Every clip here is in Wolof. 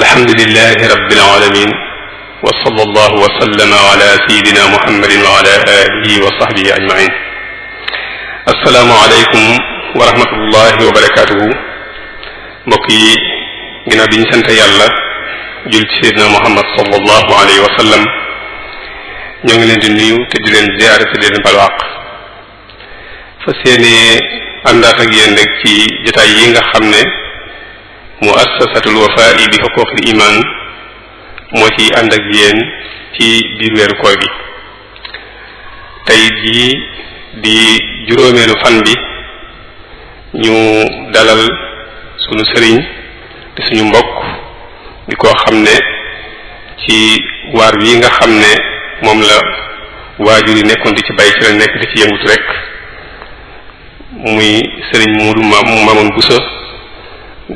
alhamdulilahi rabbil alamin wa sallallahu wa sallama ala sayidina muhammadin wa ala alihi wa sahbihi ajmain assalaamu aleykum wa rahmatullahi wa barakatuhu mbokk yi ginnaaw bi ñu sant yàlla jul ci seydina muhammad sallallahu alayhi wa ñoo ngi leen di nuyu te di leen ziyaare te di leen balwaaq fa seenee àndaat ak yéen rek ci jotaay yi nga xam ne muassasatul wafa'i bi xuquqil iman moo ci ànd ak yéen ci biir weeru koor bi tey jii di juróomeelu fan bi ñu dalal sunu sëriñ di suñu mbokk di koo xam ne ci waar wi nga xam ne moom la waajur yi nekkoon di ci bàyyi ci la nekk di ci yëngut rek muy sëriñ Muudu bu Buso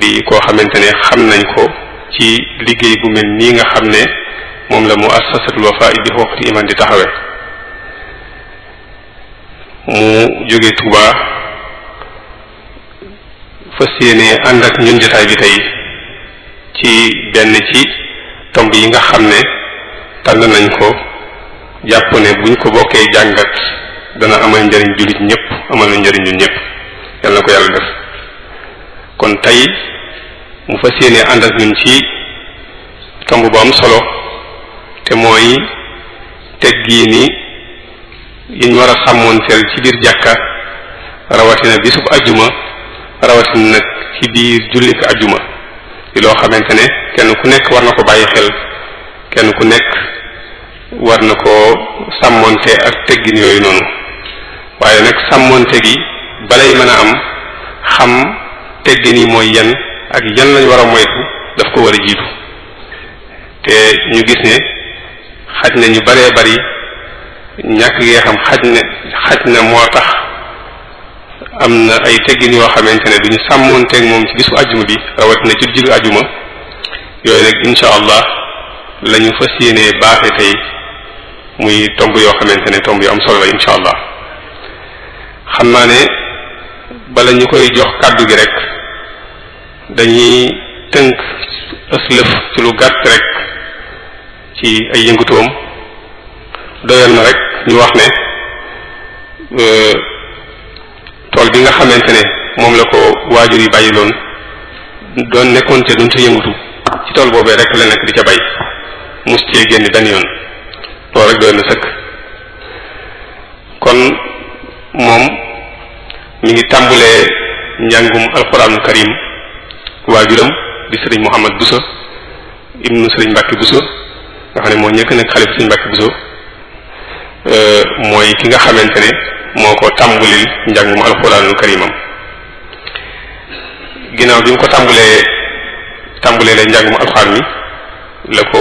di koo xamante ne xam nañ ko ci liggéey bu mel nii nga xam ne moom la mu assasatul Wafa bi xoxti iman di taxawe mu jóge Tuubaa fas yéenee ànd ak ñun jotaay bi tey ci benn ci tomb yi nga xam ne tànn nañ ko jàpp ne buñ ko bokkee jàngat dana amal njariñ jullit ñëpp amal na njariñ ñun ñëpp yàlla ko yàlla def kon tey mu fas yéenee ànd ak ñun ci tomb bu am solo te mooy teggiini yiñ war a sàmmoon teel ci biir jàkka rawatina bisub ajjuma rawatina nag ci biir jullik ajuma di loo xamante ne kenn ku nekk war na ko bàyyi xel kenn ku nekk war na ko sàmmonte ak teggin yooyu noonu waaye nag sàmmoonte gi balay mën a am xam teggin yi mooy yan ak yan lañ war a moytu daf ko war a jiitu te ñu gis ne xaj na ñu baree bari ñàkk gee xam xaj na xaj na moo tax am na ay teggin yoo xamante ne du ñu teg moom ci bisu ajuma bi rawatina ci diggu ajuma yooyu nag incha allah la ñu fas yéenee baaxe tey muy tomb yoo xamante ne tomb yu am solo la incha allah xam naa ne bala ñu koy jox kàddu gi rek dañuy tënk ëslëf ci lu gàtt rek ci ay yëngutoom doyal na rek ñu wax ne euh, école bi nga xamante ne moom la ko waajur yi bàyyi loon doon nekkoon te duñ ca yëngatu ci tool boobee rek la nekk di ca bay mus cee génn benn yoon loolu rek doy na sëkk kon moom mu ngi tàmbulee njàngum alquranul karim waajuram di sëriñ Mouhamad Bousso ibnu sëriñ Mbacke Bousso nga xam ne moo ñëkk nekk xalifa sëriñ Mbacke Bousso euh, mooy ki nga xamante ne moo ko tàmbalil njàngum alxuraanul karimam ginnaaw bi mu ko tàmbalee tàmbalee la njàngum alxuraan mi la ko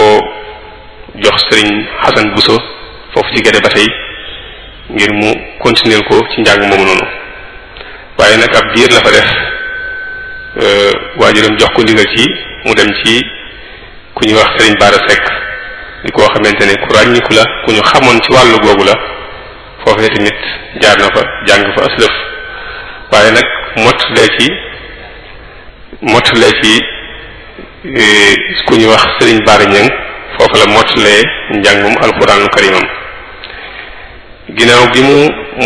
jox sëriñ Xasan Buso foofu ci Gede ba tey ngir mu continuer ko ci njàng moomu noonu waaye nag ab diir la fa def euh, waajuram jox ko ndigal ci mu dem ci ku ñuy wax sëriñ Baara Seck di koo xamante ne ku ràññiku la ku ñu xamoon ci wàllu googu la foofee tamit jaar na fa jàng fa aslëf waaye nag mottalee ci mottalee ci eh, ku ñu wax sëriñ Baara Ñang foofu la mottalee njàngum alxuraanul karimam ginnaaw bi mu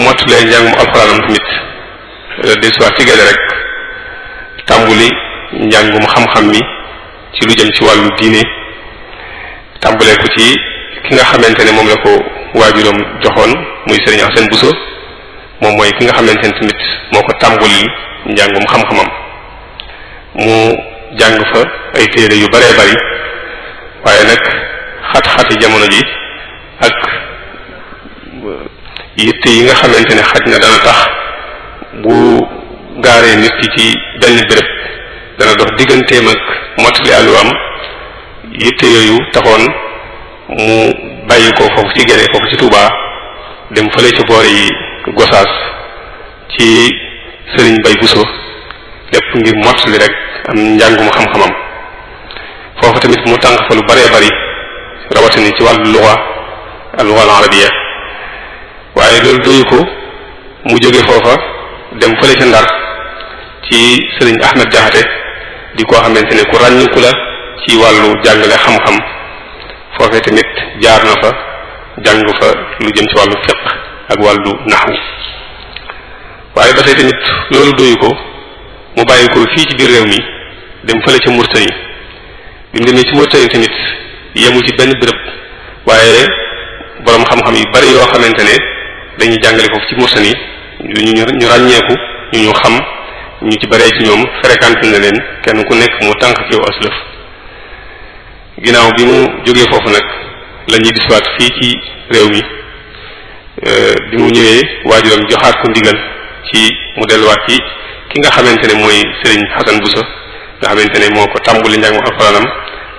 mottalee njàngum alxuraanam tamit desuwaat ci gade rek tàmbuli njàngum xam-xam mi ci lu jëm ci wàllu diine tàmbulee ko ci ki nga xamante ne moom la ko waajuram joxoon muy sëriñ Assane Bousso moom mooy ki nga xamante nit moo ko tàmbali njàngum xam-xamam mu jàng fa ay téere yu baree bari waaye nag xat-xati jamono ji ak yitte yi nga xamante ne xaj na dana tax bu gaaree nit ki ci benn béréb dana dox digganteem ak mottali àlluwaam yitte yooyu taxoon mu bàyyi ko foofu ci gene foofu ci Touba dem fële ci boor yi Gosaas ci Serigne Bay Buso lépp ngir mottali rek am njàngum xam-xamam foofu tamit mu tànq fa lu bëree bëri rawatina ci wàllu luxa al luxa al arabiya waaye loolu doyu ko mu jóge foofa dem fële ca Ndar ci Serigne Ahmed Jaxate di koo xamante ne ku ràññiku la ci wàllu jàngale xam-xam foofee tamit jaar na fa jàng fa lu jëm ci wàllu fiq ak wàllu naxwu waaye ba tey tamit loolu doyu ko mu bàyyi ko fii ci biir réew mi dem fële ca Murtani bi mu demee ci Murtani tamit yemu ci benn bërëb waaye boroom xam-xam yu bari yoo xamante ne dañuy jàngale foofu ci Murtani ñu ñu ñu ràññeeku ñu ñu xam ñu ci baree ci ñoom fréquenté na leen kenn ku nekk mu tànk ci aslëf ginnaaw bi mu jógee foofu nag lañuy ñuy fii ci réew mi euh, bi mu ñëwee waajuram joxaat ko ndigal ci mu delluwaat ci ki nga xamante ne mooy Serigne Xasan Buso nga xamante ne moo ko tàmbali njàngum alxuraanam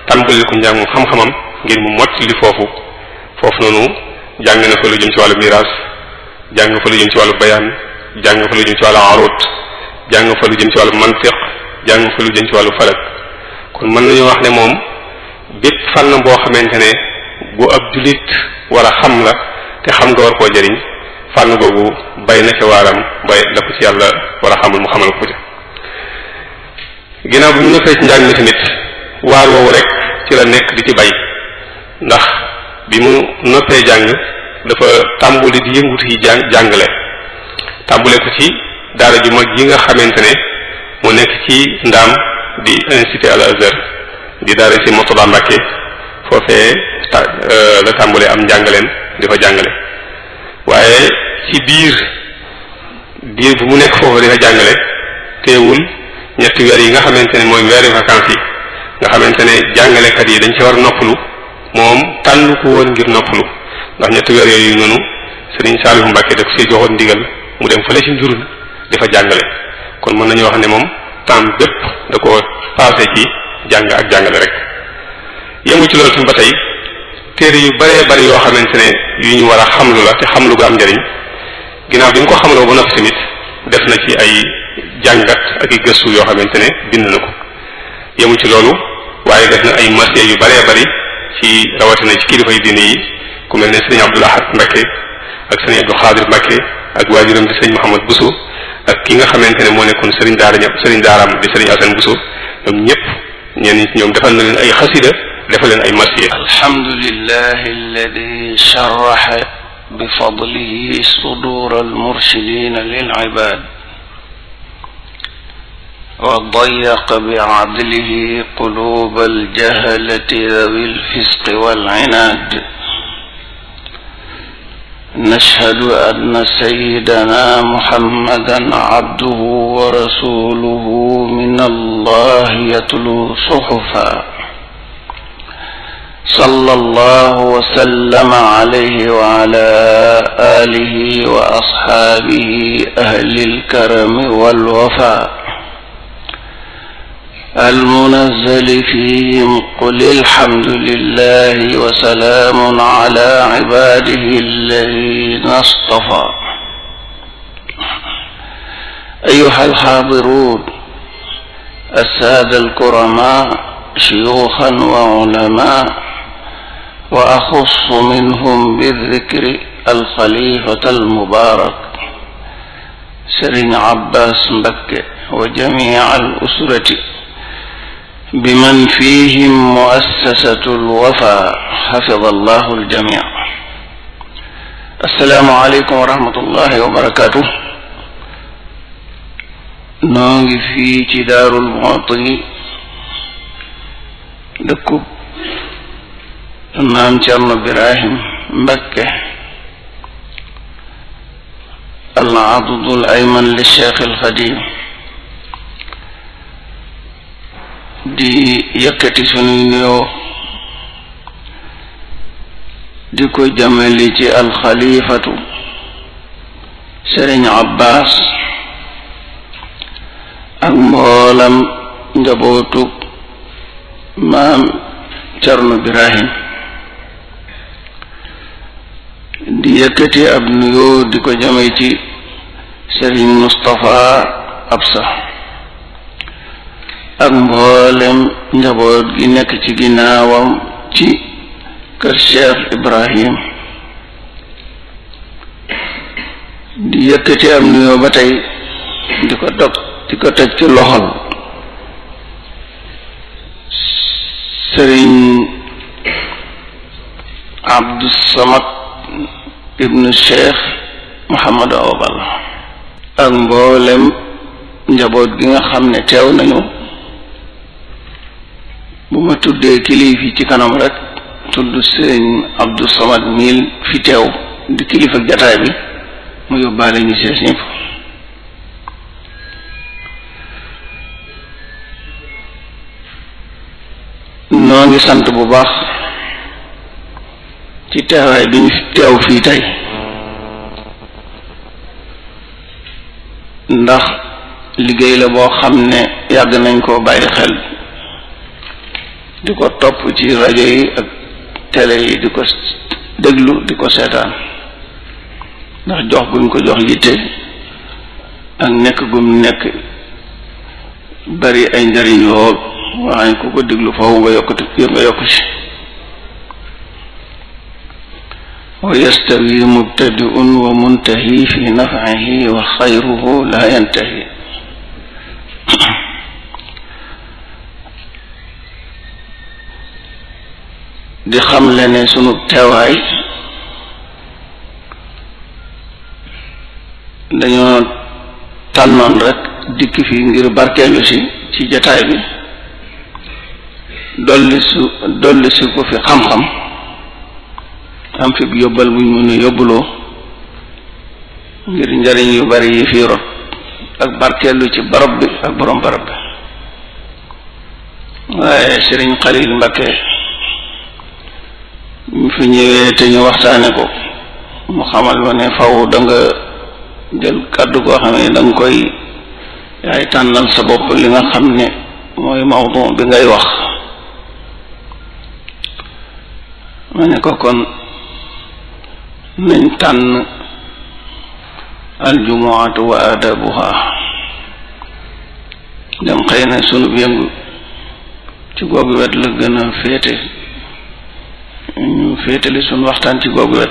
ku ko njàngum xam-xamam ngir mu motti li foofu foofu noonu jàng na fa lu jëm ci wàllu miraas jàng fa lu jëm ci wàllu bayaan jàng fa lu jëm ci wàllu aroot jàng fa lu jëm ci wàllu mantiq jàng fa lu jëm ci wàllu falak kon mën nañu wax ne bépp fànn boo xamante ne bu ab jullit war a xam la te xam nga war koo jëriñ fànn googu bay na ca waaram bay la ko ci yàlla war a xamul mu xamal ko ca ginnaaw bi mu nekkee njàng mi tamit waar woowu rek ci la nekk di ci bay ndax bi mu noppee jàng dafa tàmbuli di yëngut yi jàng jàngale tàmbule ko ci daara ju mag yi nga xamante ne mu nekk ci ndaam di incité al azhar di daara si Mourtada Mbacke foofee ta euh, la tàmbalee am njàngaleen di fa jàngale waaye ci biir diir bu mu nekk foofu di fa jàngale teewul ñetti weer yi nga xamante ne mooy weeri vacances yi nga xamante ne jàngalekat yi dañ ci war noppalu moom tànn ko woon ngir noppalu ndax ñetti weer yooyu noonu Serigne Saliou Mbacke daf see joxoon ndigal mu dem fële ci njurul di fa jàngale kon mën nañu wax ne moom temps bépp da ko passé ci jàng ak jàngale rek yëngu ci loolu tam ba tey téere yu bare bëri yoo xamante ne yu ñu war a xam xamlu la te lu gu am njëriñ ginnaaw bi mu ko xamloo ba noppi tamit def na ci ay jàngat ak i gëstu yoo xamante ne bind na ko yëngu ci loolu waaye def na ay marché yu bëree bëri ci rawatina ci kilifa yi diine yi ku mel ne sëñ Abdul Ahad Mbakke ak sëñ Abdul Xaadir Mbakke ak waajuram di sëñ Mouhamad Bousso ak ki nga xamante ne moo nekkoon sëriñ daara ñëpp sëriñ daaraam di sëriñ Assane Bousso ñëpp. ñenn ci ñoom defal na leen ay xasida defal leen ay masiya alhamdulilah alladi sharaha bi fadlihi sudur almurshidin lil ibad wa dayaqa bi adlihi qulub aljahalati dawi alfisq wal inad نشهد أن سيدنا محمدا عبده ورسوله من الله يتلو صحفا صلى الله وسلم عليه وعلى آله وأصحابه أهل الكرم والوفاء المنزل فيهم قل الحمد لله وسلام على عباده الذين اصطفى أيها الحاضرون السادة الكرماء شيوخا وعلماء وأخص منهم بالذكر الخليفة المبارك سرين عباس مكة وجميع الأسرة biman fihim muassasatul wafa xafida allahu aljamia assalaamu aleykum wa rahmatullahi wa barakaatu noo ngi fii ci daarul muwattini dëkkub maam Cerno Birahim Mbakke al adudul ayman li cheikh alxadim di yëkkati sunuy di ko jëmali ci alxalifatu sëriñ abbas ak mboolam njabootug maam carno birahim di yëkkati ab nuyoo di ko jëme ci sëriñ mustapha absa ak mboolem njaboot gi nekk ci ginnaawam ci kër Cheikh Ibrahim di yëkkati am nuyoo ba tey di ko dog di ko teg ci loxol sëriñ Abdou Samad ibnu Cheikh Mouhamadou Awa ak mboolem njaboot gi nga xam ne teew nañu bu ma tuddee kilifa yi ci kanam rek tudd sëriñ Abdou Samad mil fi teew di kilifa jataay bi mu yóbbaale ñu sees ñëpp noo ngi sant bu baax ci teewaay bi ñu teew fii tey ndax liggéey la boo xam ne yàgg nañ koo bàyyi xel di ko topp ci rajo yi ak télé yi di ko déglu di ko seetaan ndax jox guñ ko jox yitte ak nekk gum nekk bari ay njariñ lool waaye ku ko déglu foofu nga yokkute nga yokku ci wa yastawi mubtadiun wa muntahi fi nafcihi wa xayruhu la yantahi di xam xamle ne sunu teewaay dañoo tànnoon rekk dikk fi ngir barkeelu si ci jataay bi dolli su dolli si ko fi xam-xam am fi yóbbal buñ mun a yóbbuloo ngir njariñ yu bari yi fi rot ak barkeelu ci barab bi ak borom barab bi waaye sëriñ Xalil Mbakke mu fi ñëwee te ñu waxtaane ko mu xamal ma ne faw da jël kàddu koo xam ne da koy yaay tànnal sa bopp li nga xam ne mooy mawdu bi ngay wax ma ne ko kon nañ tànn aljumuatu wa adabuha dem xëy na sunu yëngu ci googu wet la gën a féete ñu féetale suñu waxtaan ci googu wet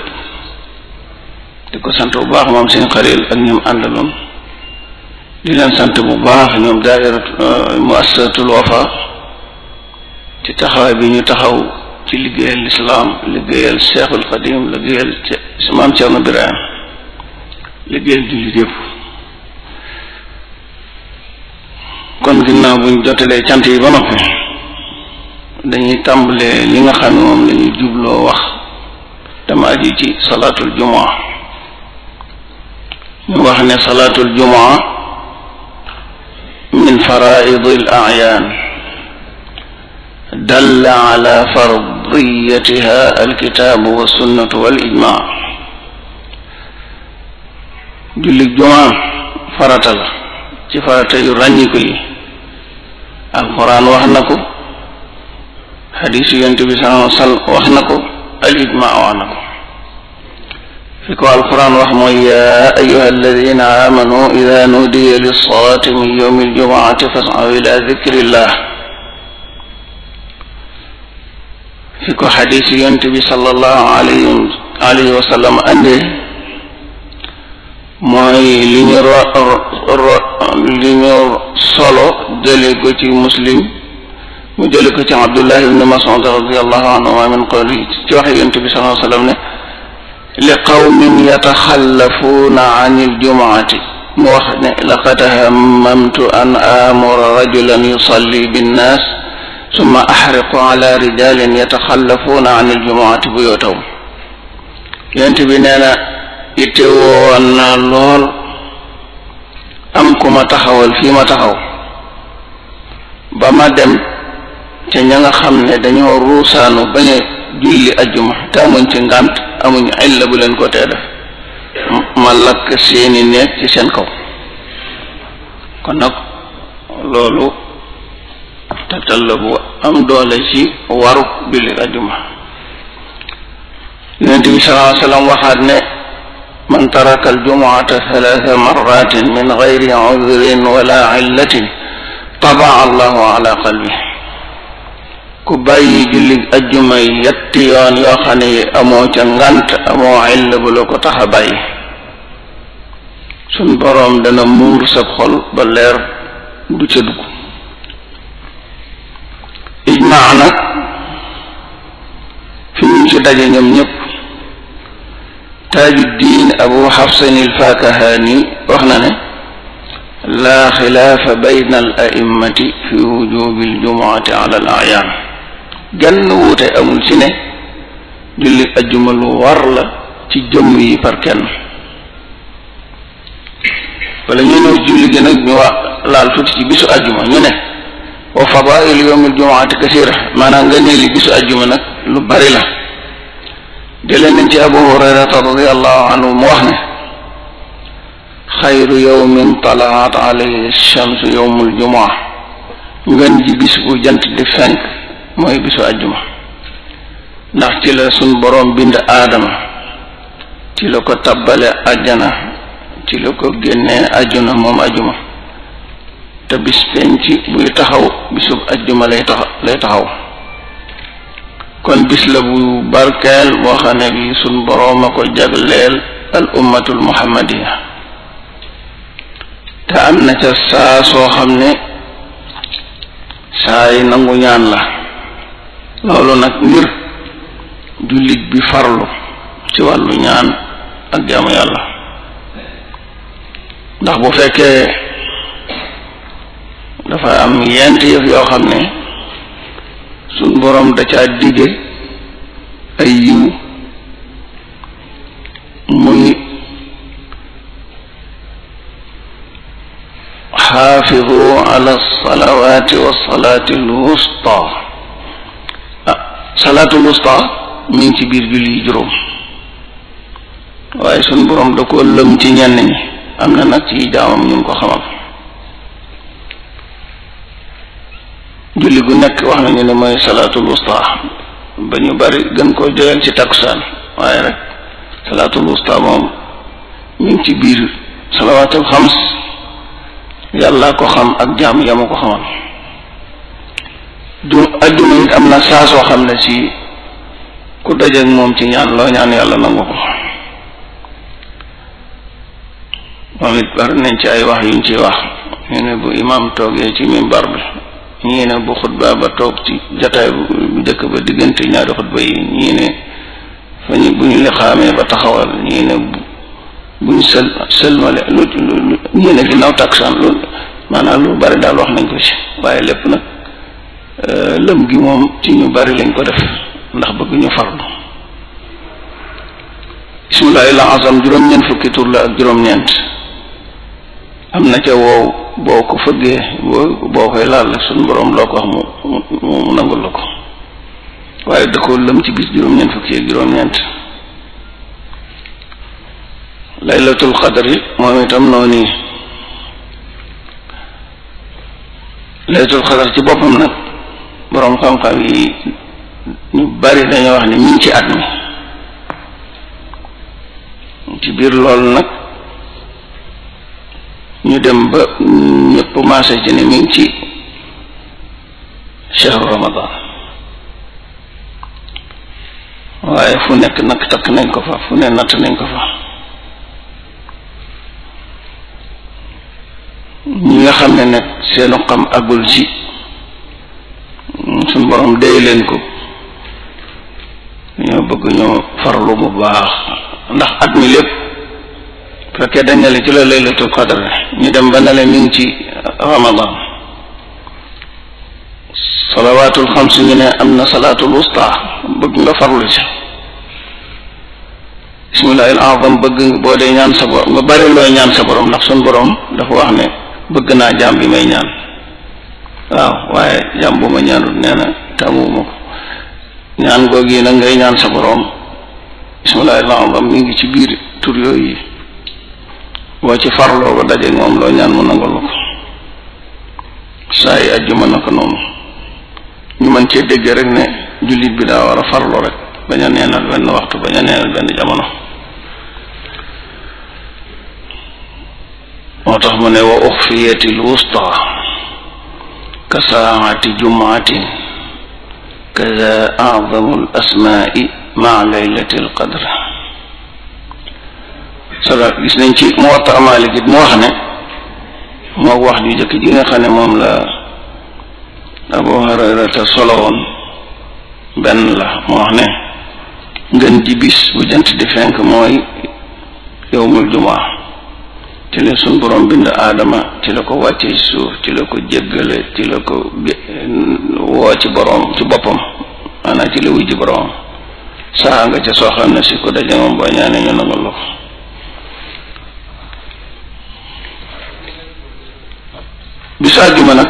di ko sant bu baax moom seen xareel ak ñoom àndaloon di sant bu baax ñoom daayira euh, muassasatul wafa ci taxawaay bi ñu taxaw ci liggéeyal lislaam liggéeyal Seexul Xadim liggéeyal ci maam Cerno Birahim liggéeyal jullit yëpp kon ginnaaw buñ jotalee cant yi ba noppi dañuy tàmbalee li nga xam ne moom la jubloo wax dama aju ci salaatul jumaa ñu wax ne salaatul jumaa min faraidi l ayaan dalla ala fardiyatiha alkitaabu wa sunnatu wal ijmaa jullig jumaa farata la ci farata yu ràññiku yi alquran wax na ko xadiis yu yonent bi sa sal wax na ko al ijmaa wax na ko fi ko alquran wax mooy yaa ayuha alladina aamanu ida nudiya lilsalaati min yowmi aljumaati fasaw ila dikrillah fi ko xadiis yu yonent bi sallallahu alayhi alayhi wa sallam andee mooy li ñu ro li ñu solo jële ko ci muslim mu jële ko ci Abdullah ibn Mas'ud radiyallahu anhu min qawli ci waxe yonent bi sallallahu alayhi wa sallam ne li qawmin yataxallafuuna an iljumuati mu wax ne laqad hammamtu an amura rajulan yusalli binnaas summa axriqu ala rijalin yataxallafuuna an iljumuati bu yoo taw yonent bi nee na itte woon na lool am ku ma taxawal fii ma taxaw ba ma dem ca ña nga xam ne dañoo ruusaanu bañ a julli ajjuma te amuñ ci ngànt amuñ illa bu leen ko tee def ma lakk seeni néeg ci seen kaw kon nag loolu tegtal la bu am doole ci waru julli ajjuma yonent bi sallallahu alayhi wa sallam waxaat ne man taraka aljumuata thalatha marratin min gayri udrin wala illatin tabaa allahu ala qalbi ku bàyyi julli ajjuma yetti yoon yoo amoo ca amoo illa bu la ko tax a bàyyi suñ boroom dana muur sab xol ba leer du ca dugg ijmaa nag fi ñu ci daje ñoom ñëpp taaju diin abu xafsan il faakahaani wax na ne laa xilaafa bayna al fi wujubi al jumuati al ayaan genn wuute amul ci ne julli ajjuma lu war la ci jëmm yi par kenn wala ñu ñëw julli gi nag ñu wax laal tuuti ci bisu ajjuma ñu ne wa fadail yawmil jumaati kasira maanaam nga ne li bisu ajjuma nag lu bari la jëlee nañ ci abu hurayrata radiallahu anhu mu wax ne xayru yawmin talaat alayhi shamsu yawmul jumaa ngën ji bis bu jant di fenk mooy bisu àjjuma ndax ci la suñ boroom bind aadama ci la ko tabbale àjjana ci la ko génnee àjjuna moom àjjuma te bis ci buy taxaw bisub àjjuma lay taxaw kon bis la bu barkeel boo xam ne bi suñ boroom a ko jagleel al ummatul muhammadiya te am na ca saa soo xam ne saa yi nangu ñaan la loolu nag ngir jullit bi farlu ci wàllu ñaan ak jaamu yàlla ndax bu fekkee dafa am yent yëf yoo xam ne suñ boroom da caa digge ay yiw muy xaafidu ala salawaati wa salaati lwusta salaatul wusta mi ngi ci biir julli juróom waaye suñ borom da ko lëm ci ñenn ñi am na nag ci jaamam ñu ko xamal julli gu nekk wax nañu ne mooy salaatul wusta ba ñu bari gën koo joyal ci takkusaan waaye rek salaatul wusta moom mi ci biir salawaatul xams yàllaa ko xam ak jaam yamu ko xamal jum ajjuma it am na saa soo xam ne si ku dajeeg moom ci ñaan loo ñaan yàlla nangu ko moom it bari nañ ci ay wax yu yuñ ci wax ñu ne bu imaam toogee ci mimbar bi ñii ne bu xutba ba toog ci jataay bu jëkk ba diggante ñaari xutba yi ñii ne fa ñu bu ñu lixaamee ba taxawal ñii ne bu ñu sël sëlmale lu ñii ne ginnaaw taksaan loolu maanaam lu bari daal wax nañ ko ci waaye lépp nag Euh, lëm gi moom ci ñu bari lañ ko def ndax bëgg ñu farlu bismillahi al azam juróom-ñeent fukki tur ak juróom-ñeent am na ca woow boo ko fëggee boo boo koy laal suñ boroom loo ko wax mu mu nangul la ko waaye da lëm ci bis juróom-ñeent fukki ak juróom-ñeent laylatul qadri moom itam noonu nii laylatul ci boppam nag boroom xam-xam yi ñu bari dañoo wax ni ñu ci at mi ci biir loolu nag ñu dem ba ñëpp maase ci ne mi ngi ci shahru ramadan waaye fu nekk nag takk nañ ko fa fu ne natt nañ ko fa ñi nga xam ne nag seenu xam agul ji suñ borom déy leen ko ñoo bëgg ñoo farlu bu baax ndax at mi lépp fekkee dañ ne la ci la laylatul qadr ñu dem ba ne la mi ci ramadan salawaatul xams ñu ne am na salaatul wusta bëgg nga farlu ci bismillahil azam bëgg boo dee ñaan sa borom nga bari looy ñaan sa borom ndax suñ borom dafa wax ne bëgg naa jaam bi may ñaan waaw waaye jàmm bu ma ñaanut nee na tàmmuwuma ko ñaan googu yi nag ngay ñaan sa boroom bismillahi alazim mi ngi ci biir tur yi boo ci farloo ba daje moom loo ñaan mu nangul la ko saa yi ajjuma na ko noonu ñu mën cee dégg rek ne jullit bi daa war a farlu rek bañ a neenal benn waxtu bañ a neenal benn jamono moo tax ma ne wa uxfiyatil wusta ka saati jumaatin kada acdamu alasmaai maa laylati alqadr sala gis nañ ci Muwatta Maalik it mu wax ne moo wax ju jëkk ji nga xam ne moom la Abu Hurayrata solo woon benn la mu wax ne ngën ji bu jant di fenk mooy yowmul jumaa ci la suñ borom bind aadama ci la ko wàcce ci suuf ci la ko jéggale ci la ko woo ci borom ci boppam maanaam ci la wujj borom saa nga ca soo xam ne si ko daje moom boo ñaanee ñu nangu la ko bisu àjjuma nag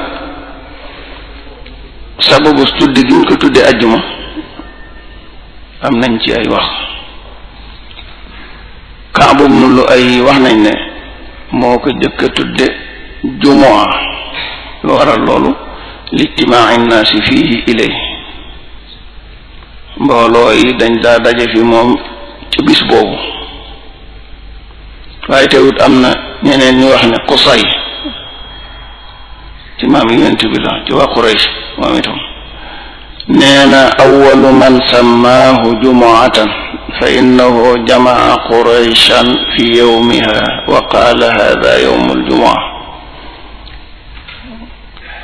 sababu tuddi gi ñu ko tuddee àjjuma am nañ ci ay wax kaabum nu lu ay wax nañ ne moo ko jëkk a tudde jumaa lu waral loolu lijtimaai naasi fii ilay mbooloo yi dañ daa daje fi moom ci boobu waaye teewut am na ñeneen ñu wax ne Qusay ci maam yonent bi la ci waa Quraysh moom itam man sammaahu jumuatan فإنه جمع قريشا في يومها وقال هذا يوم الجمعة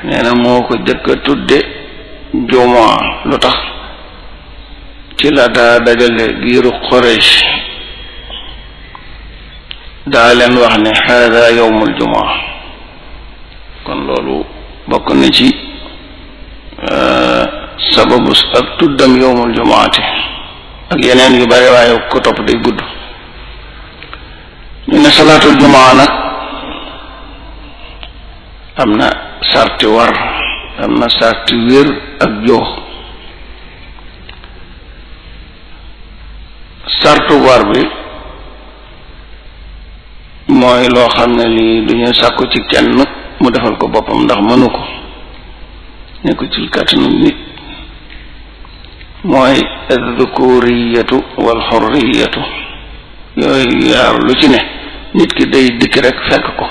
nee na moo ko jëkk a tudde jumaa lu tax ci la daa dajale giiru Quraysh daa leen wax ne hada yowmul jumaa kon loolu bokk na ci euh, sababu ak tuddam yowmul jumaati ak yeneen yu bari waaye ko topp day gudd ñu ne salaatul jumaa nag am na sarti war am na sarti wér ak joo sartu war bi mooy loo xam ne lii du ñuy sàkku ci kenn mu defal ko boppam ndax mënu ko nekku ci kàttanu nit mooy addukuriyatu wal xurriyatu yooyu yaar lu ci ne nit ki day dikk rek fekk ko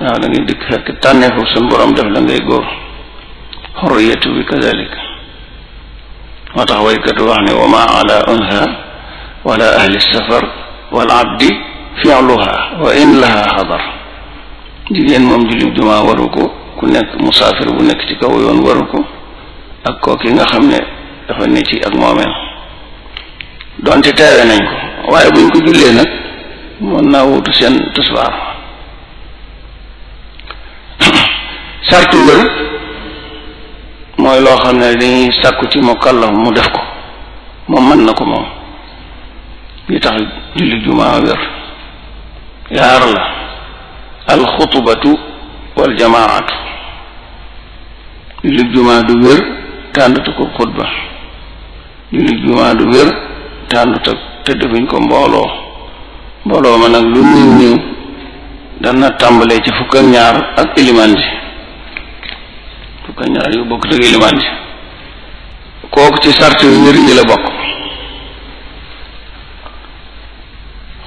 waaw da ngay dikk fekk tànneefu suñ borom def la ngay góor xurriyatu bi kazalika moo tax waykat wax ne wa ma ala unha wala ahli safar wal abdi filuha wa in laha xadar jigéen moom julli jumaa waru ko ku nekk musaafir bu nekk ci kaw yoon waru ko ak kooki nga xam ne dafa ne ci ak moomeel donte teewe nañ ko waaye buñ ko jullee nag mën naa wutu seen tisbaar sartu wër mooy loo xam ne dañuy sàkku ci mu kàllaf mu def ko moom mën na ko moom li tax julli jumaa wér yaar la alxutubatu waljamaa julli jumaa du wér tàndatu ko xutba jullit jumaa du wér tàndut ak te defuñ ko mbooloo mbooloo ma nag lu néew néew dana tàmbalee ci fukk ak ñaar ak ilimaan fukk ak ñaar yu bokk ak ilimaan kooku ci sart yu wér yi la bokk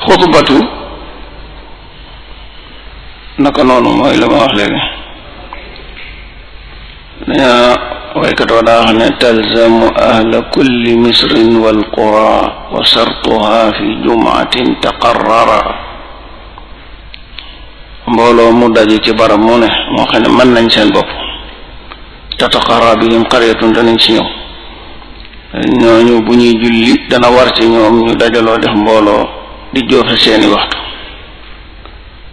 xutbatu naka noonu mooy la ma wax léegi waykat wa daa wax ne talzamu ahla kulli misrin walqura wa sartuha fi jumaatin taqarrara mbooloo mu daje ci barab mu ne moo xam ne mën nañ seen bopp tataqarra bihim qaryatun danañ ci ñëw ñooñu bu ñuy julli dana war ci ñoom ñu dajaloo def mbooloo di jooxe seeni waxtu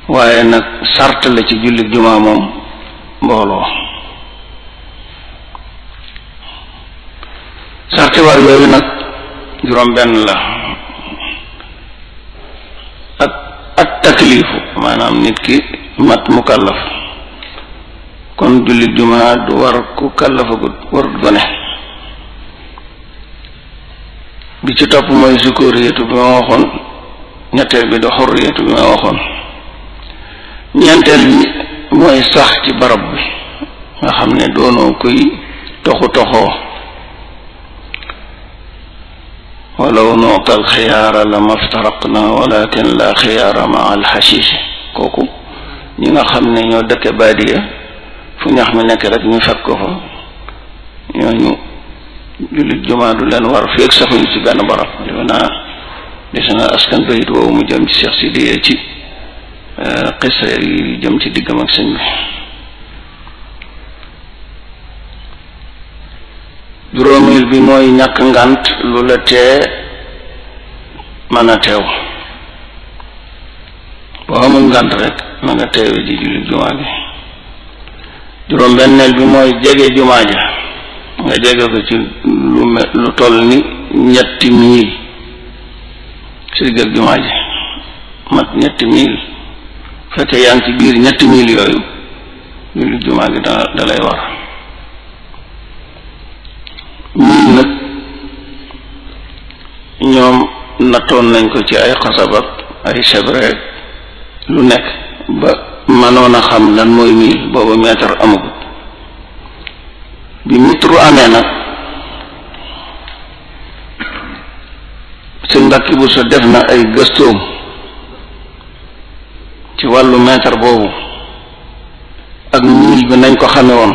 waaye nag sart la ci julli jumaa moom mbooloo sartiwaar yooyu nag juróom benn la ak ak takliifu maanaam nit ki mat mu kàllaf kon jullit jumaa du war ku kàllafagut warut gone bi ci topp mooy sukkuriyatu bi ma waxoon ñetteel bi da xorriyatu bi ma waxoon ñeenteel bi mooy sax ci barab bi nga xam ne doonoo kuy toxu toxoo walaw nuuta alxiyaara la maftaraqna walakin la xiyaara ma alxashiishi kooku ñi nga xam ne ñoo dëkke baadiya fu ñax mi nekk rek ñu fekk ko fa ñooñu jullit jumaa du leen war feeg saxuñ ci benn barab defe naa des na askan bayit woowu mu jëm ci Seex Sidiya ci euh, qissa yi jëm ci diggam ak sëñ bi juróomeel bi mooy ñàkk ngànt lu la tee mën a teew boo amul ngànt rek na teewe ji julli jumaa bi juróom benneel bi mooy jege jumaa ja nga jege ko ci lu me lu toll ni ñetti miil si digg jumaa ji mat ñetti miil fekkee yaa ci biir ñetti miil yooyu julli jumaa gi da dalay war ñii nag ñoom nattoon nañ ko ci ay xasabab ay chebre lu nekk ba manoon a xam lan mooy mil booba mètre amagut bi mitru amee nag si mbakki bu sa def na ay gëstoom ci wàllu mètre boobu ak mil bi nañ ko xame woon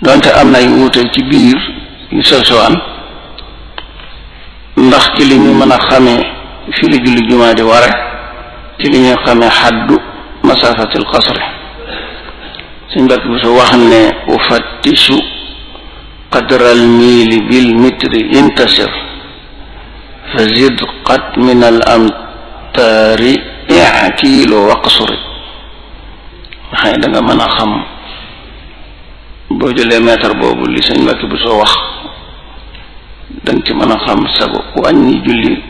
donte am na ay wuute ci biir sosowaan ndax ci li ñu mën a xamee fi li julli jumaa di ware ci li ñuy xamee xaddu masaafatil qasri suñ ki bi su wax ne ufattishu qadral miili bil mitri intasir fa zid qat min al amtaari ikiilo waqsuri waxee da nga mën a xam boo jëlee mètre boobu li sëñ Mbàkke bu soo wax danga ci mën a xam sa wàññi julli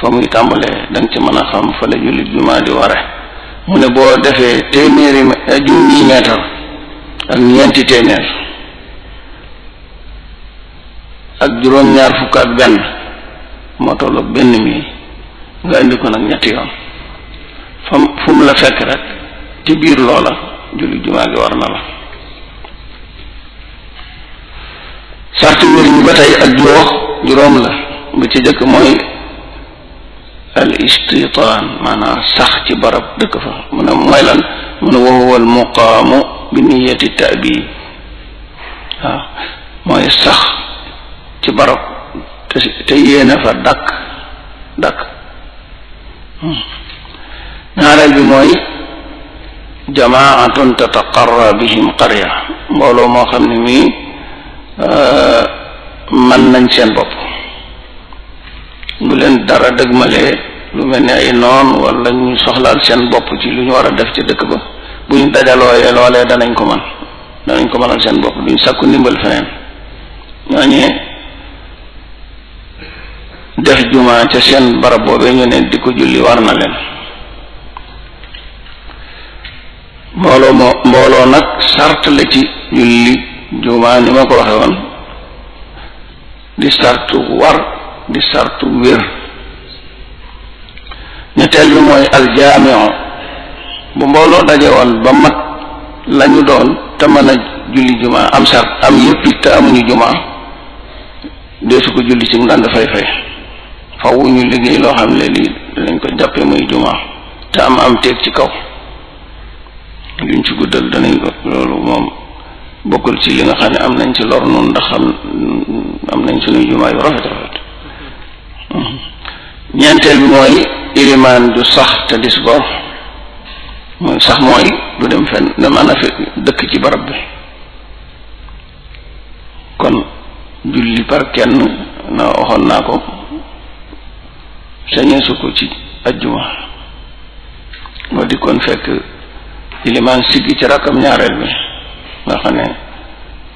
fa muy tàmbalee danga ci mën a xam fa la julli jumaa di ware mu ne boo defee téeméeri eh, junni meetar ak ñeenti téeméer ak juróom-ñaar fukk ak benn moo tolloog benn mi nga indi ko nag ñetti yoon fam fu mu la fekk rek ci biir loola julli jumaa gi war na la sart wér batay ba ak juróom la bi ci jëkk mooy al istitaan maanaam sax ci barab dëkk fa mu ne mooy lan mu ne bi niyati tabiib mooy sax ci barab te fa dakk dakk hmm. ñaareel bi mooy jamaatun tataqarra bihim qarya mbooloo moo xam ne mii Euh, man nañ seen bopp bu leen dara dëgmalee lu mel ni ay noon wala ñu soxlaal seen bopp ci lu ñu war a def ci dëkk ba bu ñu dajalooyee loolee danañ ko man danañ ko mënal seen bopp duñ sàkku ndimbal feneen ñooñee def jumaa ca seen barab boobee ñu ne di ko julli war na leen mbooloo mbooloo nag sart la ci julli jumaa ni ma ko waxe woon di sartu war di sartu wér ñetteel bi mooy aljaamiu bu mbooloo daje woon ba mag lañu doon te mën a julli jumaa am sart am yëpp te amuñu jumaa deesu ko julli ci mu daan dafay fay faw ñu liggéey loo xam ne lii danañ ko jàppe muy jumaa te am am teeg ci kaw luñ ci guddal danañ loolu moom bokkul ci li nga xam ne am nañ ci lor noonu ndax xam am nañ suñuy jumaa yu rafet rafet hmm. ñeenteel mooy ilimaan du sax te dis gor mooy sax mooy du dem fenn ne maanaam fi dëkk ci barab bi kon julli par kenn na waxoon naa ko sañee su ko ci ajjuma moo di kon fekk ilimaan siggi ci rakkam ñaareel bi nga xam ne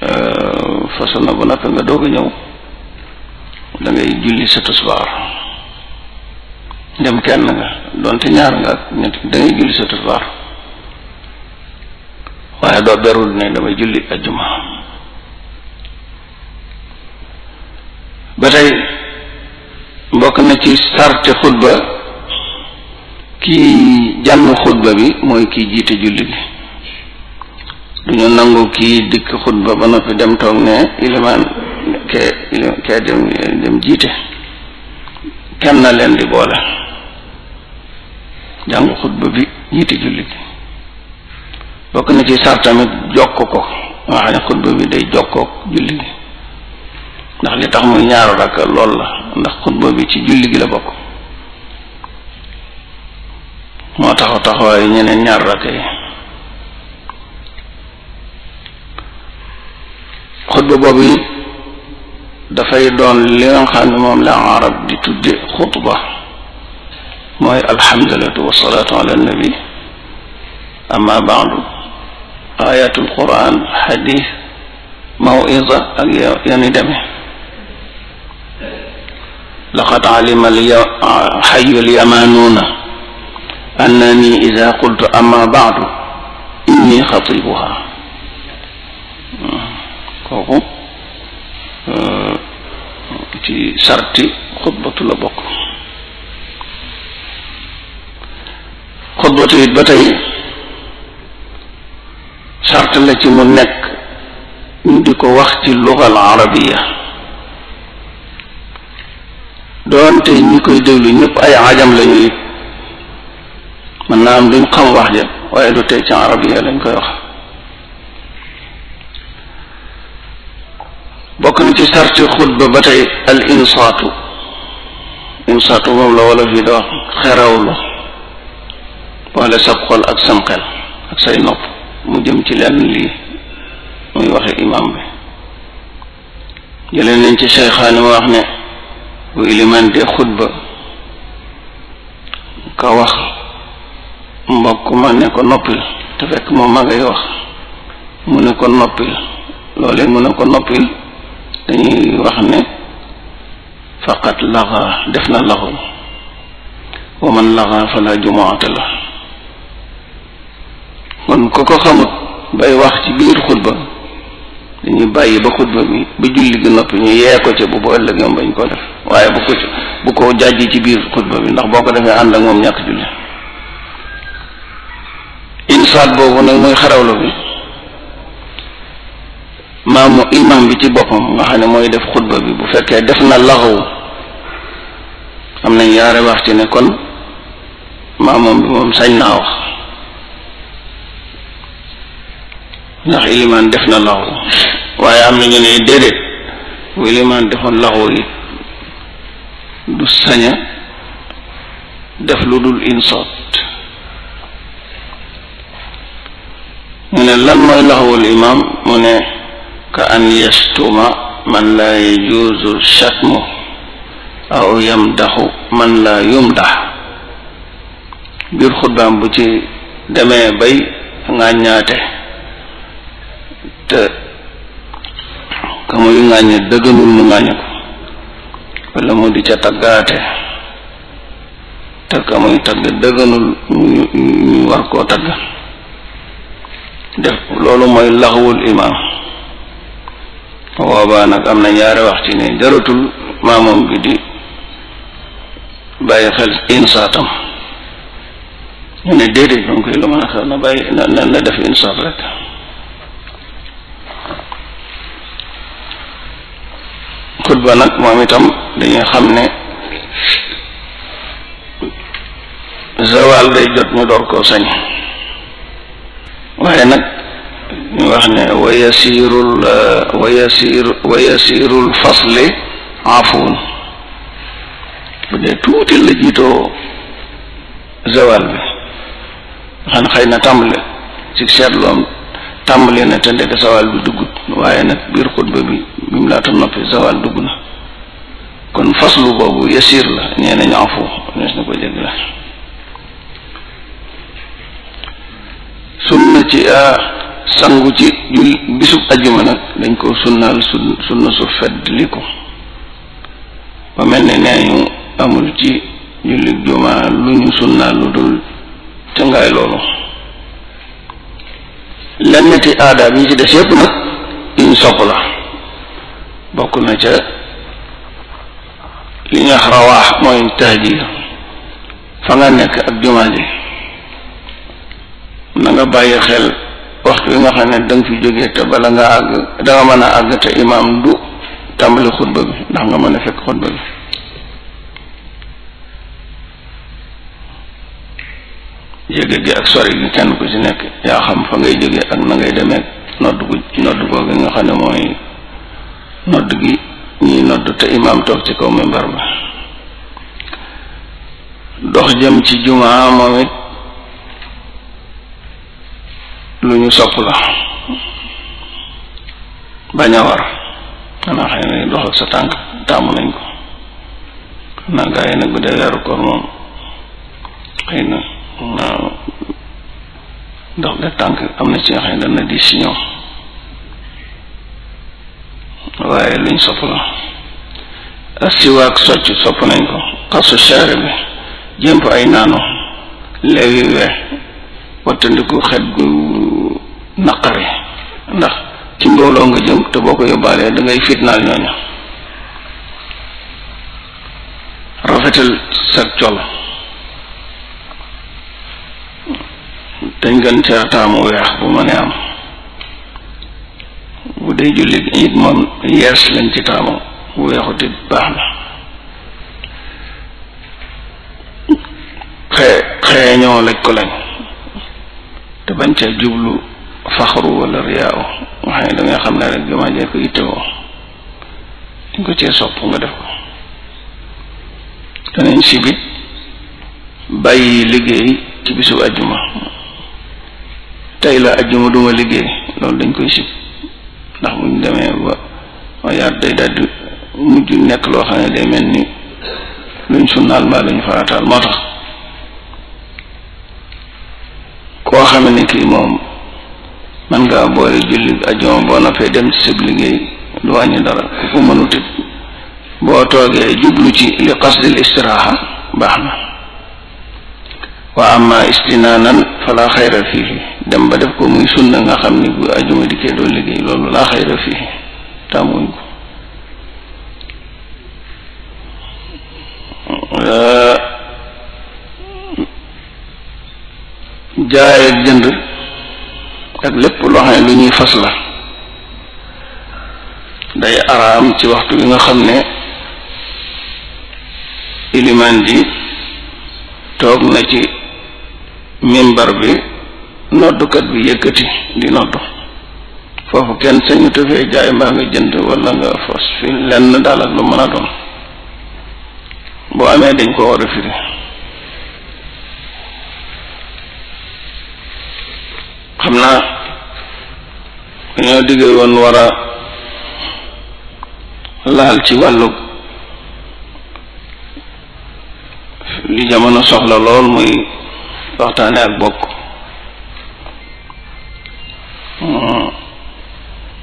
euh, façon na ba noppi nga doog ñëw da julli sa tusbaar ndem kenn nga doonte ñaar nga ak ñett da julli sa tusbaar waaye doo berul ne damay julli ajjuma ba tey bokk na ci sarte xutba kii jàmm xutba bi mooy kii jiite julli bi duñu nangu kii dikk xutba ba noppi dem toog ne ilimaan kee kee dem jiite kenn na leen di boole jàng xutba bi jiite julli bi bokk na ci sar tamit jokk ko wax ne xutba bi day jokkook julli gi ndax li tax muy ñaaru rakk lool la ndax xutba bi ci julli gi la bokk moo taxaw taxawaayu ñeneen ñaar rakk yi xutba boobu yi dafay doon li nga xam ne moom la arab di tudde xutba mooy alhamdulillah wasalaatu ala nabi amma baadu ayatul quran xadis mawisa ak yow yeni demee laqad alima xayu lyamanuuna annani ida qultu amma baadu inni xatibuha kooku euh, ci sarti xutbatu la bokk xutbatu it ba tey sart la ci mu nekk ñu di ko wax ci lugal arabiya doonte ñi koy déglu ñëpp ay ajam lañu it mën naa am duñ xam wax ja waaye du tey ci arabiya lañ koy wax na ci sarti ba tey al insaatu insaatu moom da wax xerawlu ak sam xel nopp mu jëm ci lenn lii muy waxe imaam bi ci Cheikhaani mu wax ne bu ilimaan dee xutba ka wax mbokk ma ne ko noppil te fekk moom ma ngay wax mu ne ko noppil loolee mu ne ko noppil dañuy wax ne faqat laxa def na laxu wa man laxa fala jumaata la kon ku ko xamut bay wax ci biir xutba dañuy bàyyi ba xutba bi ba julli gi noppi ñu yee ko ca bu bu ëllëgee moom bañ ko def waaye bu ko bu ko jàjji ci biir xutba bi ndax boo ko defee ànd ak moom ñàkk julli insaat boobu nag mooy xarawlo bi maamu imam bi ci boppam nga xam ne mooy def xutba bi bu fekkee def na laxaw am nañ yaare wax ci ne kon maamoom bi moom sañ naa wax ndax ilimaan def na laxaw waaye am na ñu ne déedéet bu ilimaan defoon laxaw it du saña def lu dul insoot mu ne lan mooy laxawul imam mu ne ka an yashtuma man laa yajuuzu shatmu aw yamdaxu man laa yumdax biir xutbaam bu ci demee bay ŋàññaate te ka muy ŋàññe dëgganul mu ŋàññe ko wala mu di ca taggaate te ka muy tagg dëgganul ñu war koo tagg def loolu mooy laxwul imaam boobaa nag am na ñaari wax ci ne jaratul maamoom bi di bàyyi xel insaatam ñu ne déedéet moom koy lu mën a xew na bàyyi na na def insaat rek xutba nag moom itam dañuy xam ne zawal day jot ñu door koo sañ waaye nag ñu wax ne wa yasirul wa fasli afuun bu dee tuuti la jiitoo zawal bi xan xëy na tàmbali ci seetloom tàmbali na te ndeke zawal bi duggut waaye nag biir xutba bi bi mu laata noppi zawal dugg na kon faslu boobu yasir la nee nañu afu nes na ko jëgg la sunna ci a ah, sangu ci jul bisub ajjuma nag dañ ko sunnaal sun sunna su fedd li ko ba mel ni nee ñu amul ci julli juma lu ñu sunnaal lu dul cëngaay loolu lenn ci aadaab yi ci des yépp nag yuñ sopp la bokk na ca li nga rawaax mooy tahjiir fa nga nekk ak juma ji na bàyyi xel waxtu yi nga xam ne danga fi jógee te bala nga àgg danga mën a àgg te imaam du tàmbali xutba bi ndax nga mën a fekk xutba bi jege gi ak sori gi kenn ku ci nekk yaa xam fa ngay jógee ak nangay ngay demee nodd gu nodd googu nga xam ne mooy nodd gi ñuy nodd te imaam toog ci kaw mimbar ba dox jëm ci jumaa moom it lu ñu sopp la bañ a war xanaa xëy na dox ak sa tànk taamu nañ ko xanaa gaa yi nag bu dee weeru koor moom xëy na dox ga tànk am na ci nga xam ne diis si ñoom waaye luñ sopp la asiwaak socc sopp nañ ko xasu chaare bi jéem ay naano léewi we wattandiku xet gu naqare ndax ci mbooloo nga jëm te boo ko yóbbaalee da ngay fitnaal ñooñu rafetal sa col dañ gën ca taamu weex bu mënee am bu dee julli it moom yees lañ ci taamu bu weexut it baax na xee xeeñoo lañ ko lañ te bañ ca jublu faxru wala riyaaw waxee ne dangay xam ne rek jumaa jee ko yittewoo dañ ko cee sopp nga def ko danañ sibit bàyyi liggéey ci bisu ajjuma tey la ajjuma duma liggéey loolu dañ koy sib ndax bu ñu demee ba yaat day daldi mujj nekk loo xam ne day mel ni luñ sunnaal mbaa luñ farataal moo tax koo xam ne kii moom man ngaa boole julli ajuma boo noppee dem ci sëb liggéey du wàññi dara ku mënut it boo toogee jublu ci li qasdil istiraaxa baax na wa amma istinaanan fala xayra fii dem ba def ko muy sunna nga xam ni bu ajuma dikkee doo liggéey loolu laa xayra fii tàmmuñ ko jënd ak lépp loo lu ñuy fas la day araam ci waxtu bi nga xam ne ilimaan ji toog na ci mimbar bi noddukat bi yëkkati di noddu foofu kenn sañu tëfee jaay mbaa nga jënd wala nga fas fi lenn daal ak lu mën a doon boo amee dañ ko war firi xam naa dañoo digge woon war laal ci wàllu li jamono soxla lool muy waxtaane ak bokk hmm.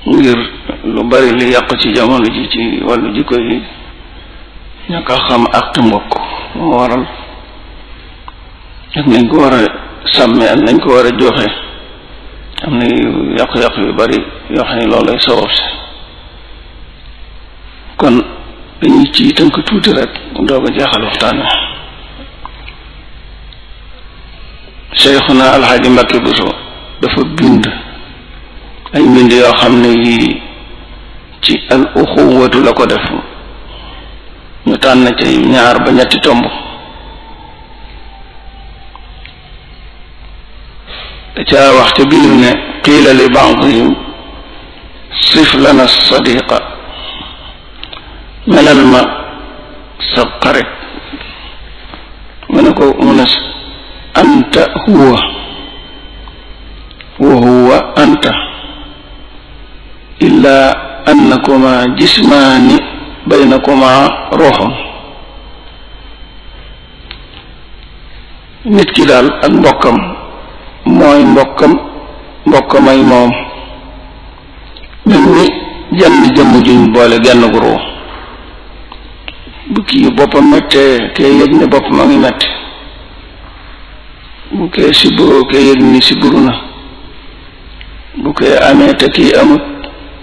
ngir lu bari li yàq ci jamono ji ci wàllu jikko yi ñàkk a xam ak mbokk moo waral ak nañ ko war a ak nañ ko war a joxe am na yàqu-yàqu yu bari yoo xam ne loolu lay sabab si kon dañuy ci tënk tuuti rek doog a jeexal waxtaan wi Seyxuna Alxaaji Mbàkke Buso dafa bind ay mbind yoo xam ne yii ci al uxuwatu la ko def ñu tànn ci ñaar ba ñetti tomb ca wax ca biir ne qiila li baadihim sif lana sadiqa melal ma sa xarit mu ne ko mu ne anta huwa wa huwa anta illa annakuma jismaani baynakuma ruuxum nit ki daal ak mbokkam mooy mbokkam mbokkamay moom mel ni jàmm jëmm juñ boole genn gu ruux bu kii boppam mettee kee yëg ne boppam a ngi metti bu kee siburoo kee yëg ni siburu na bu kee amee te kii amut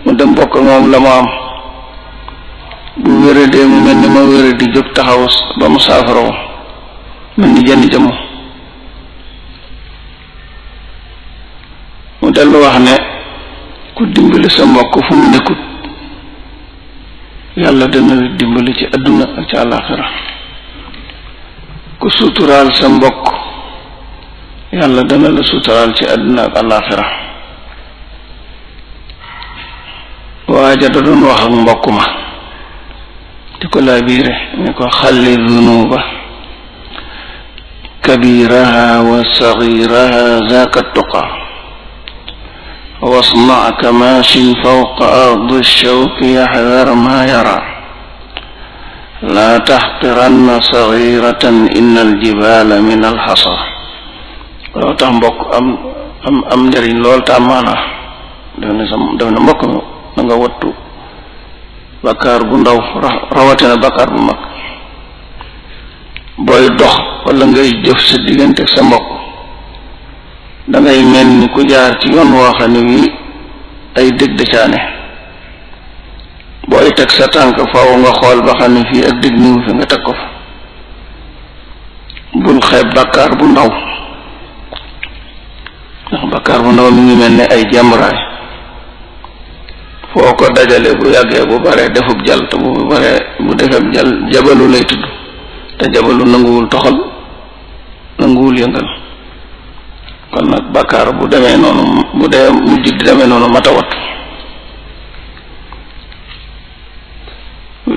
mu dem bokk moom la mu am bu wéradee mu mel ni ma wéradi jóg taxaw ba mu saafaraw mel ni jënd jëmm mu dellu wax ne ku dimbali sa mbokk fu mu nekkut yàlla dana dimbali ci àdduna ak ci àllaaxira ku suturaal sa mbokk yàlla dana la ci àdduna ak àllaaxira waaja da doon wax ak mbokk ma di ko laa biire ne ko xalli dunuuba kabiraha wa saxiraha zaaka tuqa واصنع كماش فوق أرض الشوك يحذر ما يرى لا تحقرن صغيرة إن الجبال من الحصى loolu tax mbokk am am am njëriñ lool te maana def ne sa def wattu bakkaar bu ndaw rawatina bakkaar bu mag booy dox wala ngay jëf sa diggante sa mbokk dangay mel ni ku jaar ci yoon woo xam ne wi ay dëgg dëccaane booy teg sa tànk faw nga xool ba xam ne fii ak dëgg nii fi nga teg ko fa bul xeeb bàkkaar bu ndaw ndax bàkkaar bu ndaw mi ngi mel ne ay jàmburaay foo ko dajale bu yàggee bu baree defub jal te bu baree bu defeb jal jabalu lay tudd te jabalu nanguwul toxal nanguwul yëngal kon nag bakkaar bu demee noonu bu dee mujj di demee noonu matawat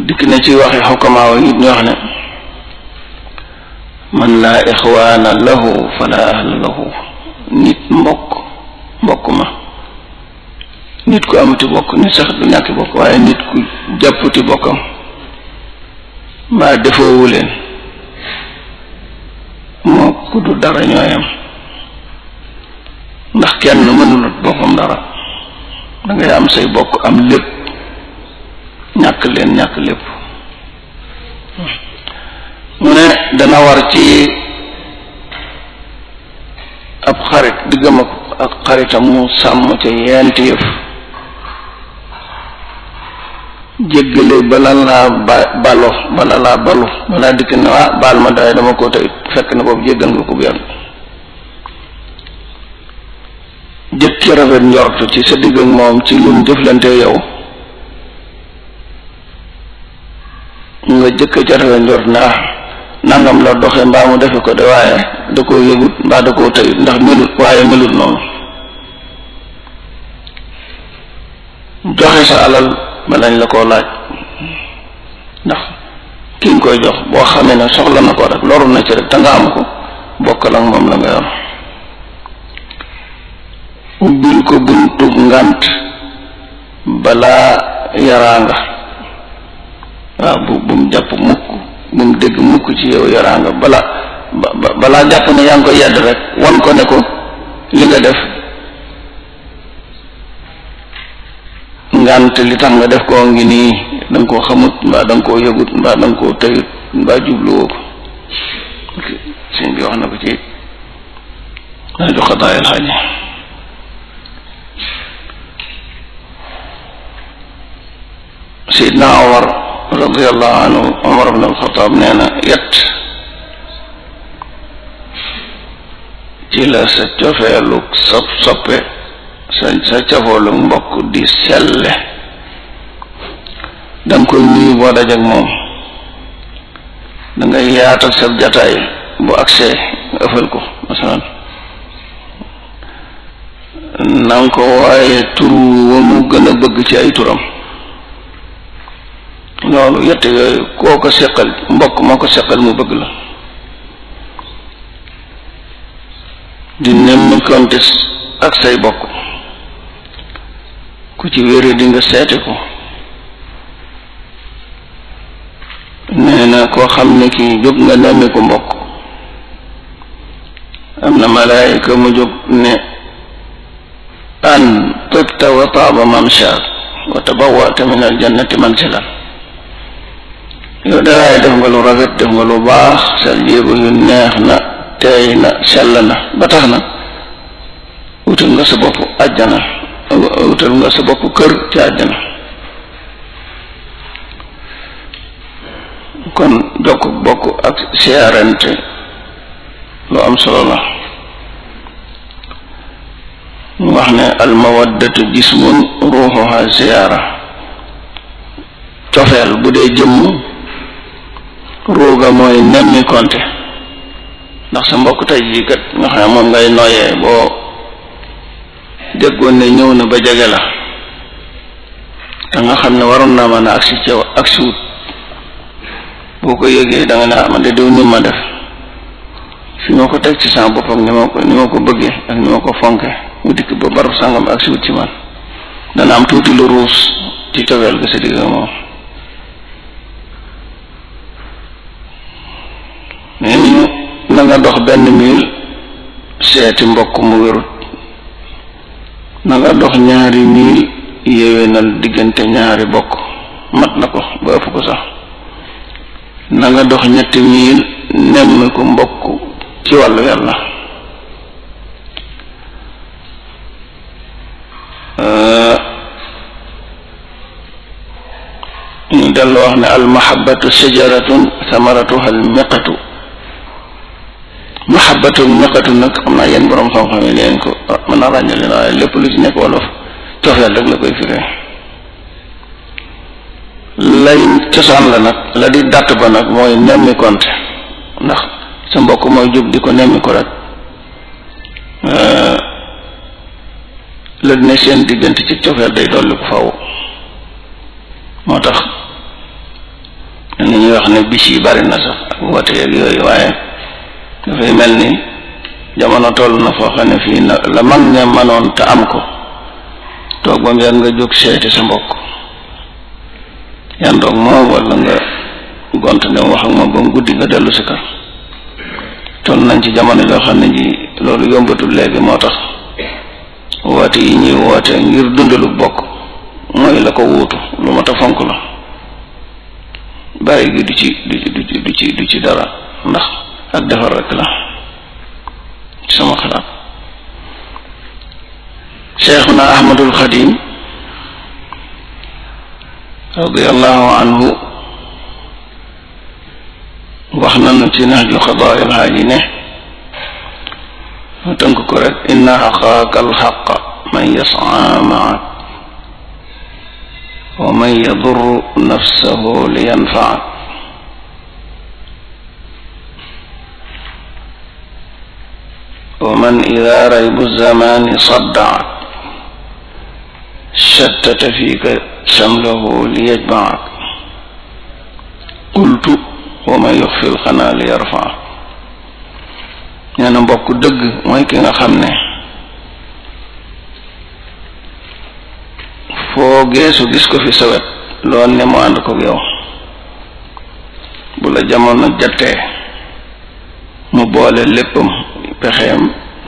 dikk na ci waxi xukamaa yi ñu wax ne man laa ixwaana lahu fala ahla nit mbokk mbokk ma nit ku amati bokk nit sax du ñàkki bokk waaye nit ku jàpputi bokkam mbaa defoowu leen moo ku dara ñooyam ndax kenn mënulut boppam dara da ngay am say bokk am lépp ñàkk leen ñàkk lépp mu ne dana war ci ab xarit diggam ak xaritam mu sàmm ca yeent yëf jéggale bala laa ba balo bala laa balu balaa dikk ne ah baal ma daay dama ko tey fekk na boobu jéggal nga ko bu yàgg jëkk ci rafet njort ci sa digg ak moom ci lum jëflante yow nga jëkk ci rafet njort ne ah nangam la doxe mbaa mu defe ko de waaye da koo yëgut mbaa da koo tëyut ndax melut waaye melut noonu joxe sa alal ba lañ la koo laaj ndax ki nga koy jox boo xam ne soxla na ko rek loru na ci rek te nga am ko bokkal ak moom la nga yor ubbil ko buntub ngànt balaa yaraanga waaw bu bu mu jàpp mukk bu mu dégg mukk ci yow yaraanga balaa balaa jàpp ne yaa ngi ko yedd rek wan ko ne ko li nga def ngànt li tax nga def koo ngi nii da koo xamut mbaa da koo yëgut mbaa da koo tëyut mbaa jubluwoo ko sëñ bi wax na ko Seydina Omar radiallahu anhu Omar bn alxataab nee na ci la sa cofeelug sa soppe sa sa cofeelug mbokk di selle danga koy nuyu boo dajak moom da yaatal sa jataay bu agsee nga ko masalan nanga ko waaye tur wa mu gën a bëgg ci ay turam loolu yett yooyu koo ko seqal mbokk moo ko seqal mu bëgg la di nemm ak say bokk ku ci wére di nga seete ko nee na koo xam ne kii jóg nga nemmi mbokk am na malaayika mu jóg ne an tibta wa taaba mamshaak wa tabawwata min aljannati manzilan yow dawaaye def nga lu rafet def nga lu baax sa jéego yu neex na teey na sell na ba tax na wutal nga sa bopp àjjana wutal nga sa bopp kër ci àjjana kon jokk bokk ak siyaarante lu am solo la mu wax ne al mawaddatu jismun ruuxuha siyaara cofeel bu dee jëmm ga mooy nemmi konte ndax sa mbokk tey jii kat nga xam ne moom ngay nooyee boo déggoon ne ñëw na ba jege la da nga xam ne waroon naa mën a agsi ci yow agsi wut boo ko yëgee da nga ne ah man de diw ni ma def fi ma ko teg ci sama bopp ak ni ma ko ni ma ko bëggee ak ni ma ko fonke mu dikk ba barab sàngam agsi wut ci man dana am tuuti lu ruus ci cofeel gi sa digg moom nga dox benn mil seeti mbokk mu wérut na dox ñaari mil yéwénal diggante ñaari bokk mat na ko ba ëpp ko sax na dox ñetti mil nemm ko mbokk ci wàll yàlla ñu dellu wax ne almahabatu shajaratun samaratuha almiqatu mahabbatun muqatun nag xam naa yéen borom xam-xam yi leen ko ah, mën naa ràññale leen waaye lépp lu ci nekk wolof cofeel rek la koy firee lay cosaan la nag la di dàtt ba nag mooy nemmi ndax sa mbokk mooy jóg di ko nemmi ko rek eh, la ne seen diggante ci cofeel day dolli ko faw moo tax ñuy wax ne bis yi bari na sax ak woote yooyu waaye dafay mel ni jamono toll na foo xam ne fii la la mag ña manoon te am ko toog ba mu yàgg nga jóg seeti sa mbokk yandoog moom wala nga gont dem wax ak moom ba guddi nga dellu si kër toll nañ ci jamono joo xam ne ji loolu yombatul léegi moo tax woote yi ñuy woote ngir dundalu bokk mooy la ko wuutu lu ma ta fonk la bàyyi gi du ci du ci du ci du ci dara ndax ak defar rek la ci sama xalaat cheikhuna ahmadul xadim radiallahu anhu wax nañu ci nahju qadaai alhaaji ne ma tënk ko rek inna aqaaka alxaqa man yasca maak wa man yadurru nafsahu li yanfaak wa man ida raybu zamani saddaa shattata fiika samlahu li yajmaa qultu wa man yuxfi lxanaa li yarfaa nee na mbokk dëgg mooy ki nga xam ne foo geesu gis ko fi sawet lool ne mu ànd koog yow bu la jamono jattee mu boole léppam pexeem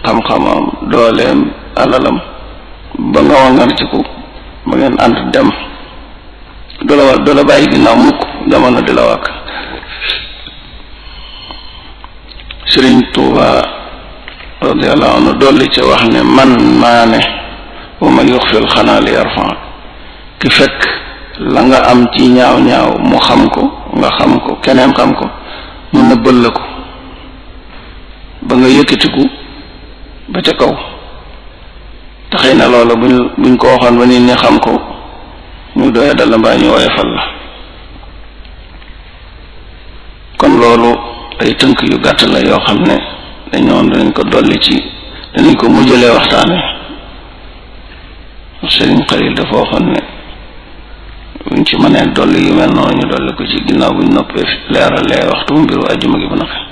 xam-xamam dooleem alalam ba nga wangal ci ko ba ngeen ànd dem doola wa doola bàyyi ginnaaw mukk jamono di la wàkk sëriñ tuuba radiallahu anhu dolli ca wax ne man maa ne ma man yuxfil xanaa li yarfan ki fekk la nga am ci ñaaw ñaaw mu xam ko nga xam ko keneen xam ko mu nëbbal la ko ba nga yëkkatiku ba ca kaw te xëy na loola buñ buñ ko waxoon ba nit ñi xam ko ñu doya dal la mbaa la kon loolu ay tënk yu gàtt la yoo xam ne dañoon danañ ko dolli ci danañ ko mujjalee waxtaane sëriñ xarit dafa waxoon ne buñ ci mënee dolli yu mel noonu ñu dolli ko ci ginnaaw buñ noppee leeralee waxtu mbiru ajjuma gi bu naqe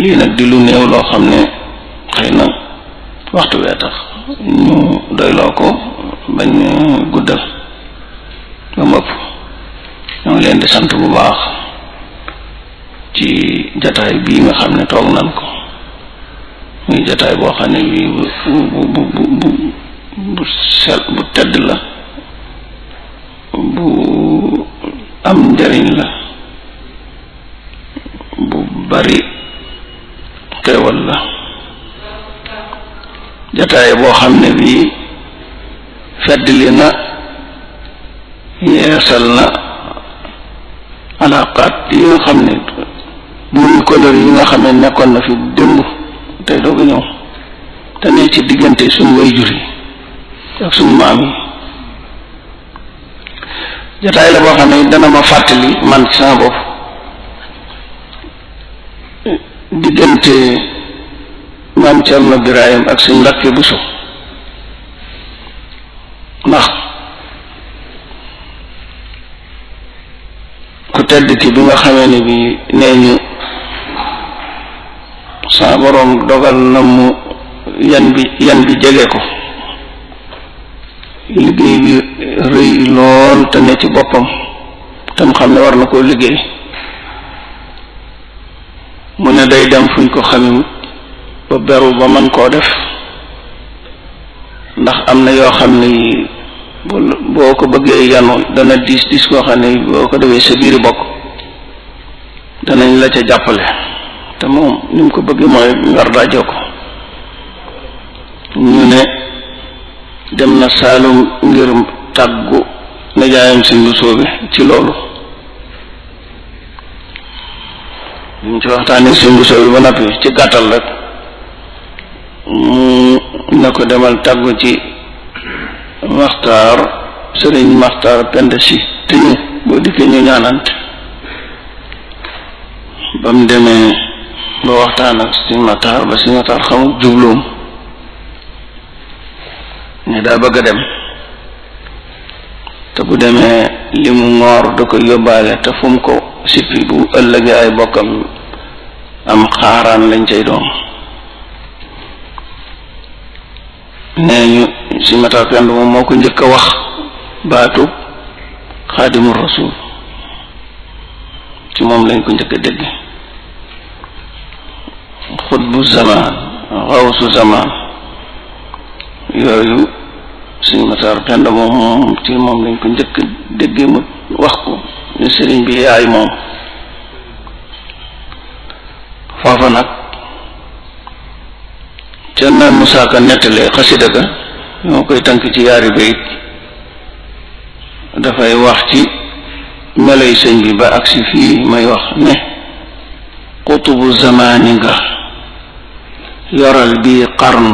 lii nag di lu néew loo xam ne xëy na waxtu wee tax ñu doyloo ko bañ guddal ba mu ëpp leen di sant bu baax ci jataay bii nga xam ne toog nan ko muy jataay boo xam ne bii bu bu bu bu sel bu tedd la bu am njariñ la bu bari xéewal la jataay boo xam ne bii feddli na yeesal na alaqaat yi nga xam ne muy couleur yi nga xam ne nekkoon na fi démb tey doogu ñëw te ci diggante suñu way jur suñu maam yi jataay la boo xam ne dana ma fàttali man ci sama bopp diggante maam na Birahim ak suñ Mbàkke Buso ndax ku tedd ki bi nga xamee ne bi nee ñu saa boroom dogal na mu yan bi yan bi jege ko liggéey bi rëy lool te ne ci boppam tam xam ne war na koo liggéey mu ne day dem fuñ ko xamewut ba beru ba man koo def ndax am na yoo xam ne boo ko bëggee yanu dana diis diis koo xam ne boo ko defee sa biir bokk danañ la ca jàppale te moom ni mu ko bëggee mooy ngar dajoo ko ñu ne dem na Saalum ngir tàggu nijaayam si mbusoo bi ci loolu ñu ngi ci waxtaanee sëñ bu sooy ba noppi ci gàttal rek mu ne ko demal tàggu ci maxtaar sëriñ maxtaar pend si te ñu boo dikkee ñu ñaanant ba mu demee ba waxtaan ak sëñ maxtaar ba sëñ maxtaar xamul jubloom ne daa bëgg a dem te bu demee li mu ngoor da ko yóbbaale te fu ko sippi bu ëllëgee ay bokkam am xaaraan lañ cay doon nee ñu si matar pend moom moo ko njëkk a wax baatu xaadimu rasul ci moom lañ ko njëkk a xutbu zamaan xawsu zamaan yooyu suñ pend moom ci moom lañ ko njëkk a mu wax ko ñu sëriñ bi yaay moom foofa nag ca na Musaa nettalee xasida ga ñoo koy tënk ci yaari bayit dafay wax ci meloy sëñ bi ba agsi fii may wax ne xutubu zamaani nga yoral bii xarnu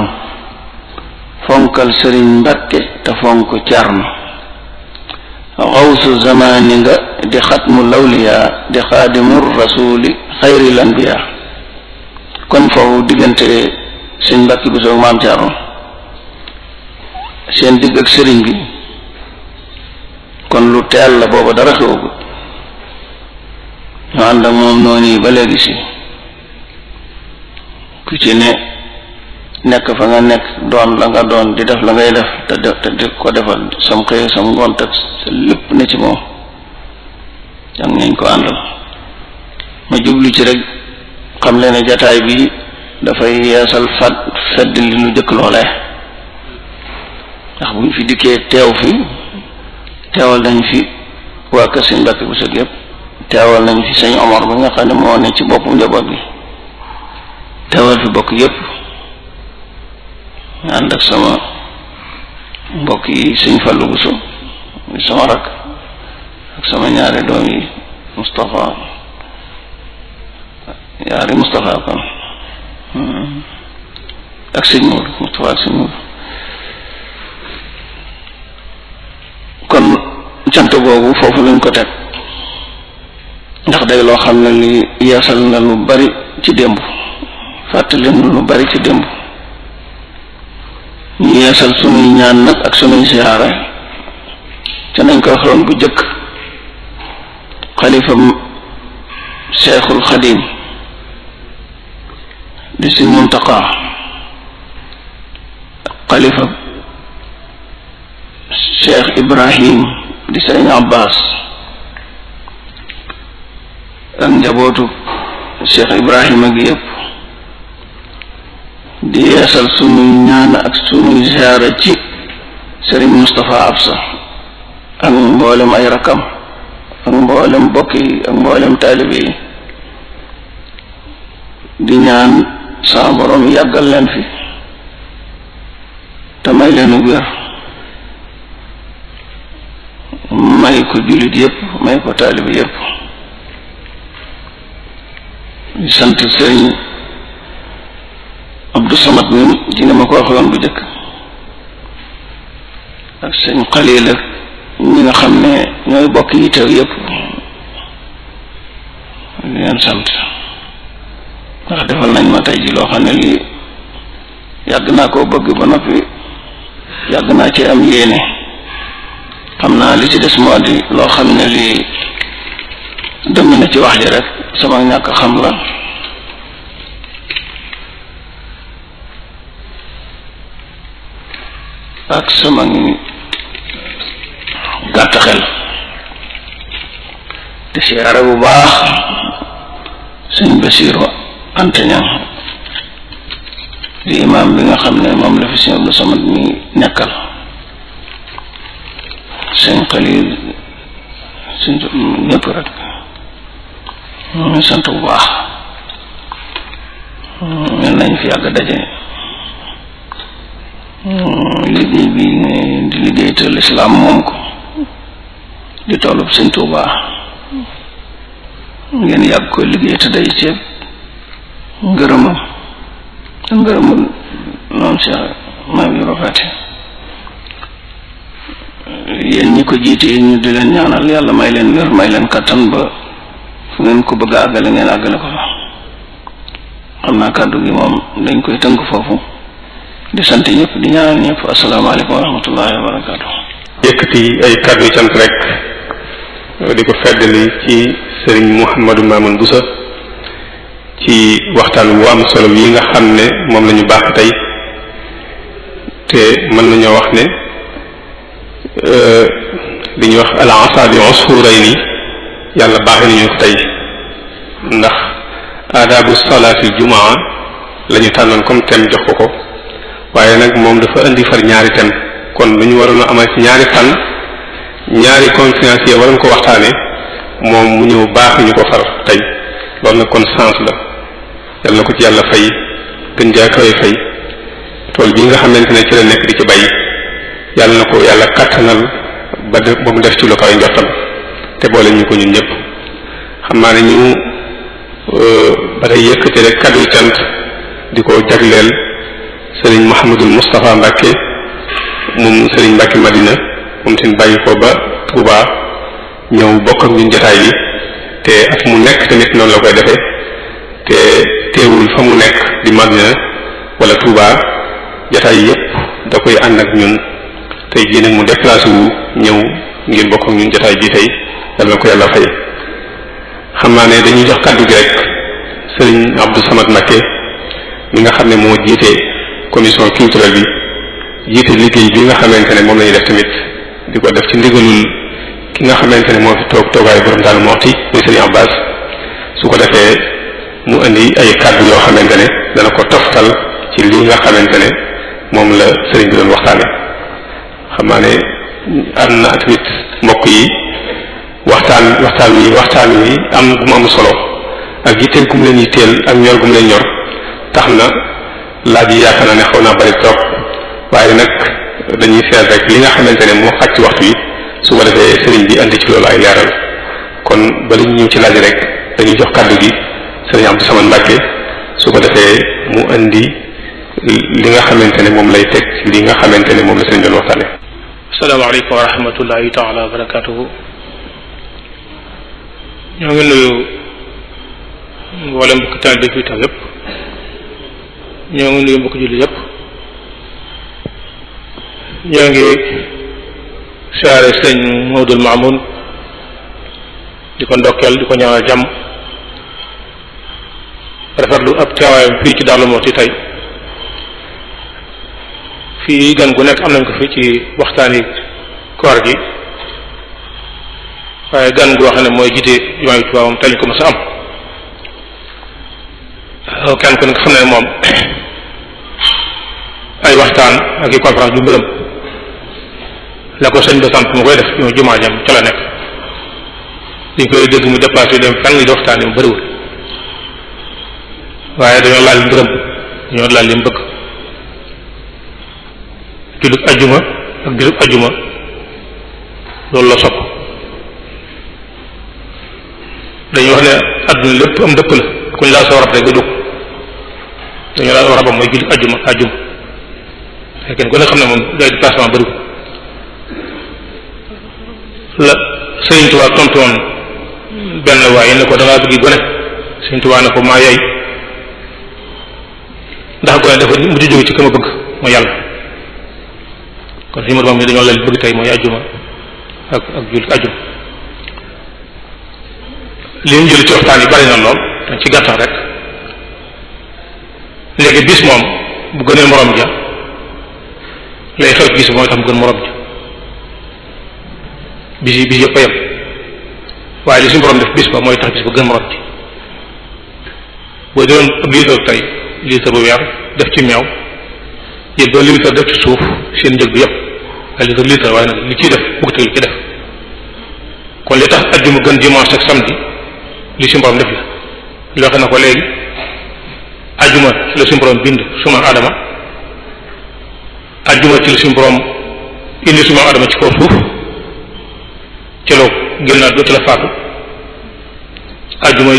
fonkal sëriñ Mbàkke te fonk carnu xawsu zamaani nga di xatmu lawliyaa di xaadimu rasuli xayri lanbiyaa kon foofu diggante sëñ Mbàkke bu soog maam Jaaro seen digg ak sëriñ bi kon lu teel la booba dara xewagul ñu ànd ak moom noonu yi ba léegi si ku ci ne nekk fa nga nekk doon la nga doon di def la ngay def te te di ko defal sam xëy sam ngoon teg sa lépp ne ci moom yal nañ ko àndal ma jublu ci rek xam le ne jataay bi dafay yeesal fat fedd li nu jëkk loolee ndax buñ fi dikkee teew fi teewal nañ fi waa kër Sëñ bu sëg yëpp teewal nañ fi Sëñ Omar bi nga xam ne moo ne ci boppu njaboot bi teewal fi bokk yépp ànd ak sama mbokk yi sëñ Fallou Bousso muy sama rak ak sama ñaari doom yi Moustapha ñaari Moustapha kon hmm, ak sëñ Mour Moustapha ak sëñ Mour kon cant boobu foofu lañ ko teg ndax day loo xam ne li yeesal na lu bari ci démb fàttali na lu bari ci démb ñu yeesal sunuy ñaan nag ak sunuy siyaara te nañ ko waxoon bu jëkk xalifam seexul xadim di si muntaqa xalifa cheikh ibrahim di sëriñ abbas ak njabootu cheikh ibrahima gi yépp di yeesal sunuy ñaan ak sunuy ziyaara ci sëriñ Moustapha Absa ak mboolem ay rakam ak mboolem mbokk ak mboolem taalibe yi di ñaan saa borom yàggal leen fi te may leen may ko jullit yépp may ko taalibe yépp sant sëriñ Abdou Samad mi dina ma ko waxoon bu jëkk ak sëñ Xalil ak ñi nga xam ne ñooy bokk yi teew yépp di leen sant ndax defal nañ ma tey ji loo xam ne lii yàgg naa koo bëgg ba noppi yàgg naa ci am yéene xam naa li ci des moo di loo xam ne lii dem na ci wax ji rek sama ñàkk xam la ak sama gàtt xel te siyaare bu baax sëñ Basiru Antañan di imaam bi nga xam ne moom la fi sëñ Abdou Samad mi nekkal sëñ Xalil sëñ ñëpp rek ñu sant bu baax mel nañ fi yàgg daje Hmm, liggéey bi ngay liggéey te lislaam moom ko di tollub sëñ Tuubaa ngeen yàgg ko liggéey te day ceeb ngërëmam te ngërëmul moom Cheikh maam Ibra Faty yéen ñi ko jiite ñu di leen ñaanal yàlla may leen wér may leen kàttan ba fu ngeen ko bëgg a àggale ngeen àggale ko fa xam naa kàddu gi moom dañ koy tënk foofu di sant ñëpp di ñaanal ñëpp asalaamaaleykum wa rahmatullahi wa barakaatu. yëkkati ay kàddu yu cant rek di ko feddali ci sëriñ Mouhamadou Mamoun Boussa ci waxtaan bu am solo yi nga xam ne moom lañu baax tey te mën nañoo wax ne euh, li ñuy wax al asaabi usfurayni yàlla baaxee nañu ko tey ndax aadaabu salaati jumaa la ñu tànnoon comme thème jox ko ko. waaye nag moom dafa indi far ñaari thèmes kon lu ñu waroon a amal ci ñaari fan ñaari conférence yi waroon ko waxtaane moom mu ñëw baax ñu ko far tey loolu nag kon sens la yàlla na ko ci yàlla fay gën jaa kawe fay tool bi nga xamante ne ci la di ci bay yàlla na ko yàlla kattanal ba def ba mu def ci lu kawe njottam te boole ñu ko ñun ñëpp xam naa ne ñu euh, ba day yëkkati rek kaddu cant di ko jagleel sëriñ Mouhamadul Moustapha Mbacke moom sëriñ Mbacke Madina moom seen bàyyi ko ba Touba ñëw bokk ak ñun jotaay bi te mu nekk tamit noonu la koy defee te teewul fa mu nekk di wala Touba jotaay yépp da koy ànd ak ñun tey jii nag mu déplacé wu ñëw ngir bokk ak ñun jotaay bi tey yàlla na ko yàlla fay xam naa ne dañuy jox kàddu gi rek sëriñ Abdou Samad Mbacke mi nga xam ne moo jiite. commission culturelle bi jiite liggéey bi nga xamante ne moom la ñuy def tamit di ko def ci ndigalul ki nga xamante ne moo fi toog toogaayu daal moxti muy sëriñ Abbas ko defee mu indi ay kàddu yoo xamante ne dana ko toftal ci nga xamante ne moom la sëriñ bi doon waxtaane xam naa ne am na tamit mbokk yi waxtaan waxtaan yi waxtaan yi am gu mu am solo ak yitteel gu mu leen yitteel ak ñor gu mu leen ñor tax na laaj yi yaakaar naa ne xaw naa bari trop waaye nag dañuy seet rek li nga xamante ne moo xaj ci waxtu yi su ko defee sëriñ bi andi ci loolu ay leeral kon bala ñu ci laaj rek dañuy jox kàddu gi am Abdou Samane Mbacke su ko defee mu indi li nga xamante ne moom lay teg ci li nga xamante ne moom la sëriñ doon waxtaane asalaamaaleykum wa rahmatullahi taala wa barakatuhu ñoo ngi nuyu mboolem mbokk taal bi fi taw yépp ñoo ngi nuyu mbokk julli yépp ñoo ngi saare moo Mawdul Maamun di ko ndokkeel di ko ñaanal jàmm rafetlu ab teewaayam fii ci Darou ci tey fii gan gu nekk am nañ ko fi ci waxtaani koor gi waaye gan goo xam ne mooy jiite jumaa bi tubaabam tey ko mës a am kenn ku nekk xam ne moom ay waxtaan ak i conférence yu mbërëm la ko sëñ ba sant mu koy def ñoo jumaa jam ca la nekk dañ koy dégg mu déplacé yu dem fenn di waxtaan yu mu bëriwul waaye dañoo laal mbërëm dañoo laal li mu bëgg jullit la sopp dañuy wax ne àdduna lépp am dëpp la kuñ laa soo rab rek nga jóg dañu laa soo rabam mooy jullit ajjuma ajjuma kenn ku ne xam ne moom gars yi déplacement bëriwul la Sëriñ Tuubaa tontu benn waaye ne ko da ngaa bëgg gone Sëriñ Tuubaa ne ko maa yaay ndax gone dafa mujj jóge ci ka ma bëgg mooy yàlla kon fi mu ne dañoo lal bëgg tey mooy ajjuma ak ak li ñu jël ci waxtaan yi bari na lool ci gàttal rek léegi bis moom bu gënee morom ja lay xew ci bis mooy tax mu gën morom ji bis yi bis yëpp waaye li suñu borom def bis ba mooy tax bis ba gën morom ji boo doon ab tey litre bu weer def ci meew yéen doon litre def ci suuf seen njëg bi yëpp ay litre waaye nag li ciy def bëgg li ci def kon li tax ajjuma gën dimanche ak samedi li suñu def la loo xam ne ko léegi ajjuma la suñu borom bind suma aadama ajjuma ci la suñu borom indi suñu Adama ci kaw suuf ci la génnaat do ci la faatu ajjuma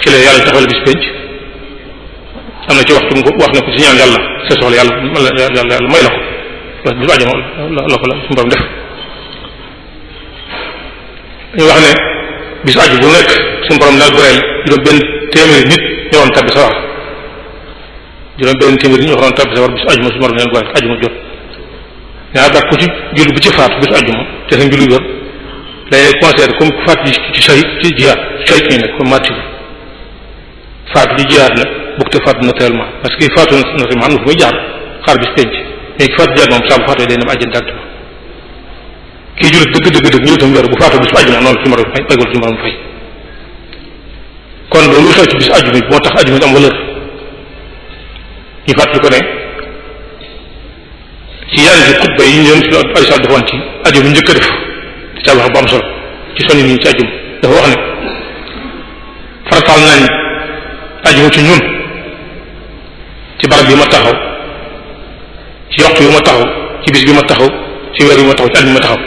ci la yàlla taxawal bis penc am na ci waxtu mu ko wax na ko ci ñaan yàlla sa soxla yàlla yàlla may la ko parce que bisu ajjuma la ko la suñu def ñu wax ne bisu ajju bu nekk suñu borom daal goreel juróom benn téeméeri nit ñëwoon tabbi sa juróom benn téeméer ñu waxoon tabb sa war bisu ajuma su war neen waaye ajuma jot ñaar baat ku ci julli bu ci faatu bisu ajuma te sa julli wér lay conseillé comme ku faatu ci shahid ci jihaad shahid ñu nekk comme martyr faatu ci jihaad nag bukk te faatu naturellement parce que faatu naturellement am na fu muy jaar xaar bis penc mais ki faatu jihaad moom saa bu faatoo day dem àjjana directement kii jullit dëgg dëgg dëgg ñu itam wér bu faatoo bisu ajuma noonu ci marom fay aygol ci marom fay kon loolu xew ci bisu ajuma moo tax ajuma am valeur ñu fàttali ko ne ci yàlla ci xutba yi ñu doon si Aliou Sall defoon ci aju bu njëkk a def di tabax bu am solo ci sonni nii ci aju dafa wax ne farataal nañ aju ci ñun ci barab bi ma taxaw ci waxtu yu ma taxaw ci bis bi ma taxaw ci weer yu ma taxaw ci at bi ma taxaw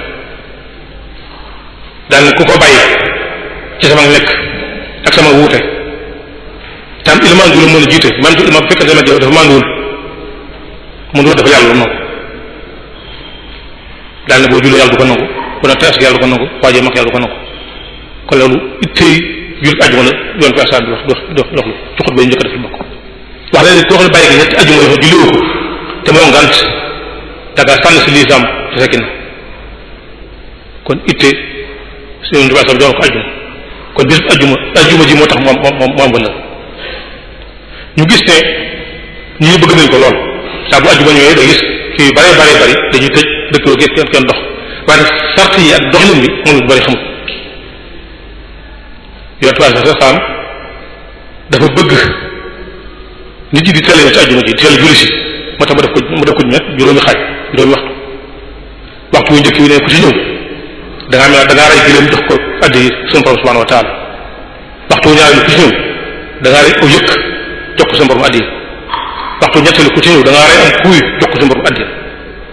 daanaka ku ko bàyyi ci sama nekk ak sama wuute. tam ilma angu la mën a jiite man ci ilma bu fekkee dama jëw dafa mànguwul mun wax dafa yàlla la nangu daal ne boo jullee yàlla du ko nangu bu ne taas ko nangu waajee yàlla du ko nangu kon loolu ko ñetti ajuma dafa julli ko te moo ngant daga sànn si lislaam te fekki na kon itte yoon fi asaab bi doon ko ajuma kon bis ajuma ajuma ji moo tax moom moom moom ñu gis ne ñii bëgg nañ ko lool saa bu àjjuma ñëwee gis kii yu bare bare bari dañuy tëj dëkkaloo gis kenn kenn dox waaye nag sart yi ak doxalin bi bëgg nit yi ci àjjuma moo tax mu def ko mu def ko ñett juróomi xaaj juróomi waxtu waxtu wu njëkk wi ne ku ci ñëw da ngaa mel da ngaa rey gëléem jox ko addi sunu borom subhanahu wa waxtu wu ñaareel ku ci ñëw da ngaa rey ko yëkk jox ko sa mborom addiya waxtu ñetteelu ku ci ñëw da ngaa rey am kuy jox ko sa mborom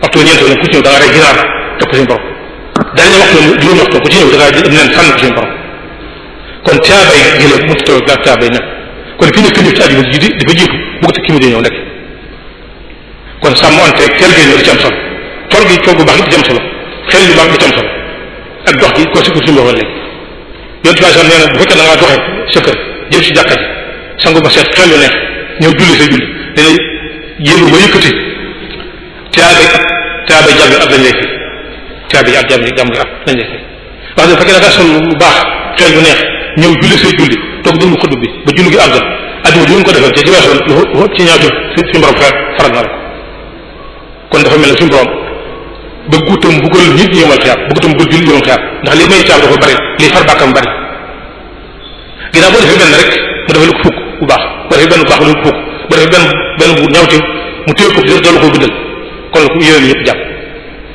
waxtu ñeenteelu ku ci ñëw da ngaa rey ginaar jox ko seen borom dañu waxtu kon taabay gële mu taw ki nekk ñëw ci àjjuma ji di dafa jiitu bu ko tekki mi ñëw nekk kon sàmmante teel gi ñëw ci am solo tool gi tool bu baax gi ci am solo xel yu baax gi ci am solo ak dox gi ko si ko suñu waxoon léegi yoon ci bàyyi sax nee na bu fekkee da ngaa doxee sa kër jëm si jàkka ji sangu ba seet xellu ne ñëw julli sa julli nee na yéen ba yëkkati tiyaabay ab tiyaabay jàmm ab lañ de fi tiyaabay ab jàmm jàmm ab lañ lay fi baax xel bu neex ñëw julli say julli toog déglu xutba bi ba julli gi àggal adduna bi ñu ko defal te ci weesu lu ci ñaaw jëf suñu la kon dafa mel ne suñu borom bëggutam buggal nit ñi yomal xiyaar bëggutam buggal julli yomal xiyaar ndax li may caab dafa bari lii far bàkkam bari ginnaaw boo defee benn rek mu defal ko fukk bu baax ba defee benn bu baax lu mu bokk ba defee benn benn bu ñaw ci mu téye ko dina doolu ko bindal kon ko yooyu yëpp jàpp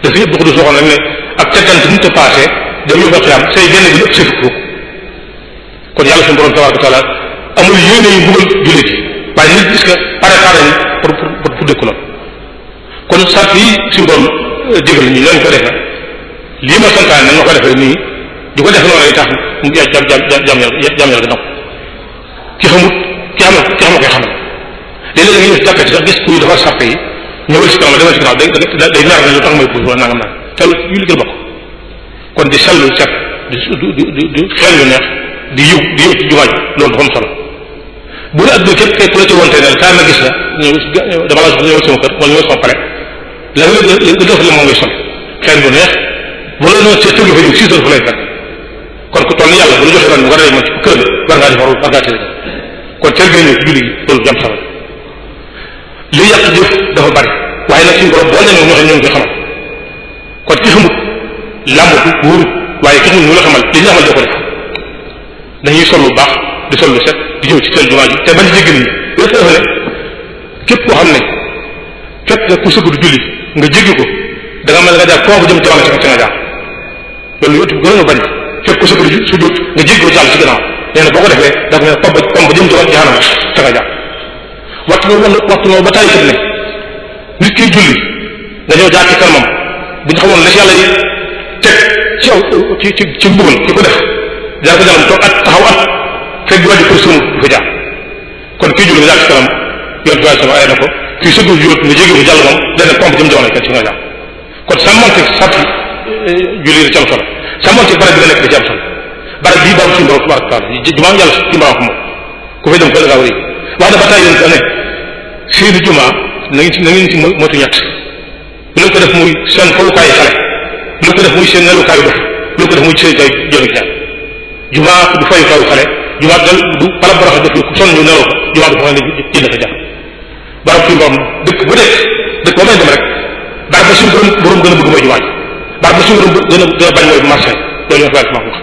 dafa yëpp du soxla nag ne ak caggante ni te passé dem yóbbu xiyam say génn bi ëpp sa fukk kon yàlla suñu borom tabaraka taala amul yéene yu bëggal jullit yi waaye nit gis nga pare pare ni pour pour pour dëkk loolu kon sart yi suñu borom digal ñu ñooñu ko defe lii ma santaane nañ ma ko defee nii di ko def noonu lay tax jam jam jam jam jam yàlla nga naw ki xamut ci xam ci xam koy xamal léeg-léeg nga ñëw si jàkkati sax gis kuy dafa sàppe yi ñëwal si kanam demal si kanam day day nar ne lu tax may kon di sellu set di di di xel yu neex di yiw di yiw ci loolu dafa am bu la adduna képp képp ku la ci wonte gis la ñëw dama la ñëwal sama kër wala ñëwal sama pare la nga nga moom ngay sol xel yu neex bu la noonu tëgg fa ñëw six fa lay fekk kon ku toll yàlla bu la joxee ran nga rey ma ci kër war ngaa defaru war ngaa tëdd kon teel nga ñëw ci julli gi loolu dafa bari waaye nag suñu ñoo xam ñoo ngi koy xamal kon waaye ki ñu la xamal li ñu ko def dañuy sol lu baax di sol lu set di ñëw ci teel jumaa ji te bañ jéggi ñi dafa koo xam ne fekk nga ku sëgg du julli nga jéggi ko da nga mel nga jaar koo bu jëm jamono ci nga jaar loolu yëpp gën a bari fekk ku sëgg du sujjóot nga jéggi ko jàll ci gannaaw nee na boo ko defee da nga tomb tomb jëm ci jaanam te nga jàpp waxtu nga wala waxtu nga ba taay kat ne nit kiy julli ci bu ñu xamoon la yàlla yi teg ci aw ci ci ci mbugal ki ko def jaar ko jaanam toog at taxaw at fekk bu wàññi ko suum du fa jaar kon kii julli nga jaar ci kanam yoon bi sama ay na ko kii sëgg juróot nga jéggi ko jàll moom dana tomb jëm jamono kat kon sàmmante sàtt julli da ci solo sàmmante barab bi nga nekk da ci am solo barab bii baaxul suñu borom tabaraka taala jumaam yàlla suñu borom xam ku fay dem ko danga war wax na ba tey yéen ne seeni jumaa na ngeen ci na ngeen ci moytu ñett bu leen ko def muy seen xolukaayu xale bu leen ko def muy seen nelukaayu dof bu leen ko def muy seen kay jëmi jaan jumaa du fayu kaw xale jumaa dal du barab boo xam ne ku sonn ñu neloo ko jumaa du fa xam ne jënd ko jàpp barab suñu borom dëkk bu nekk dëkk ba may dem rek barab ba suñu borom borom gën a bëgg mooy jumaa ji barab ba suñu borom gën a gën a bañ mooy marché loolu yoon wax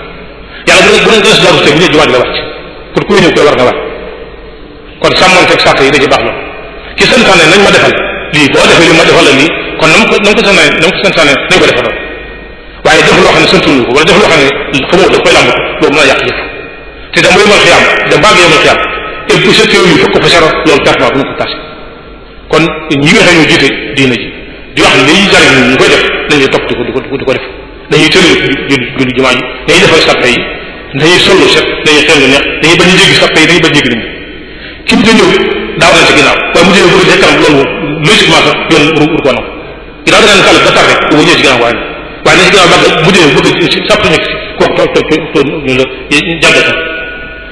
yàlla bu bu dee daru te bu ñëw jumaa ji la wàcc pour ku ñëw koy war nga wàcc yi da ci baax na ki santaane nañ ma defal lii boo defee li ma defal la lii kon na mu ko na mu ko santaane na mu ko santaane nañ ko defal waaye def loo xam ne santuñu ko wala def loo xam ne xamoo da koy làmb boobu mën a yàq jëf te da mooy mal da mbaag yomal xiyaam et loolu ko di wax lii jariñ ñu koy def nañ leen topp di ko di ko di ko def dañuy tëral julli julli jumaa ji dañuy defar sàppe yi dañuy sollu set dañuy xel lu neex dañuy bañ a jéggi sàppe yi dañuy bañ a jéggi nit ki mu ñëw daaw na ci ginnaaw waaye mu jëlee bu dee kanam loolu logiquement sax yoon ru ru ko nag ginnaaw da nga kàll ba tardé bu ñëw ci ginnaaw waaye waaye dañ ci ginnaaw sa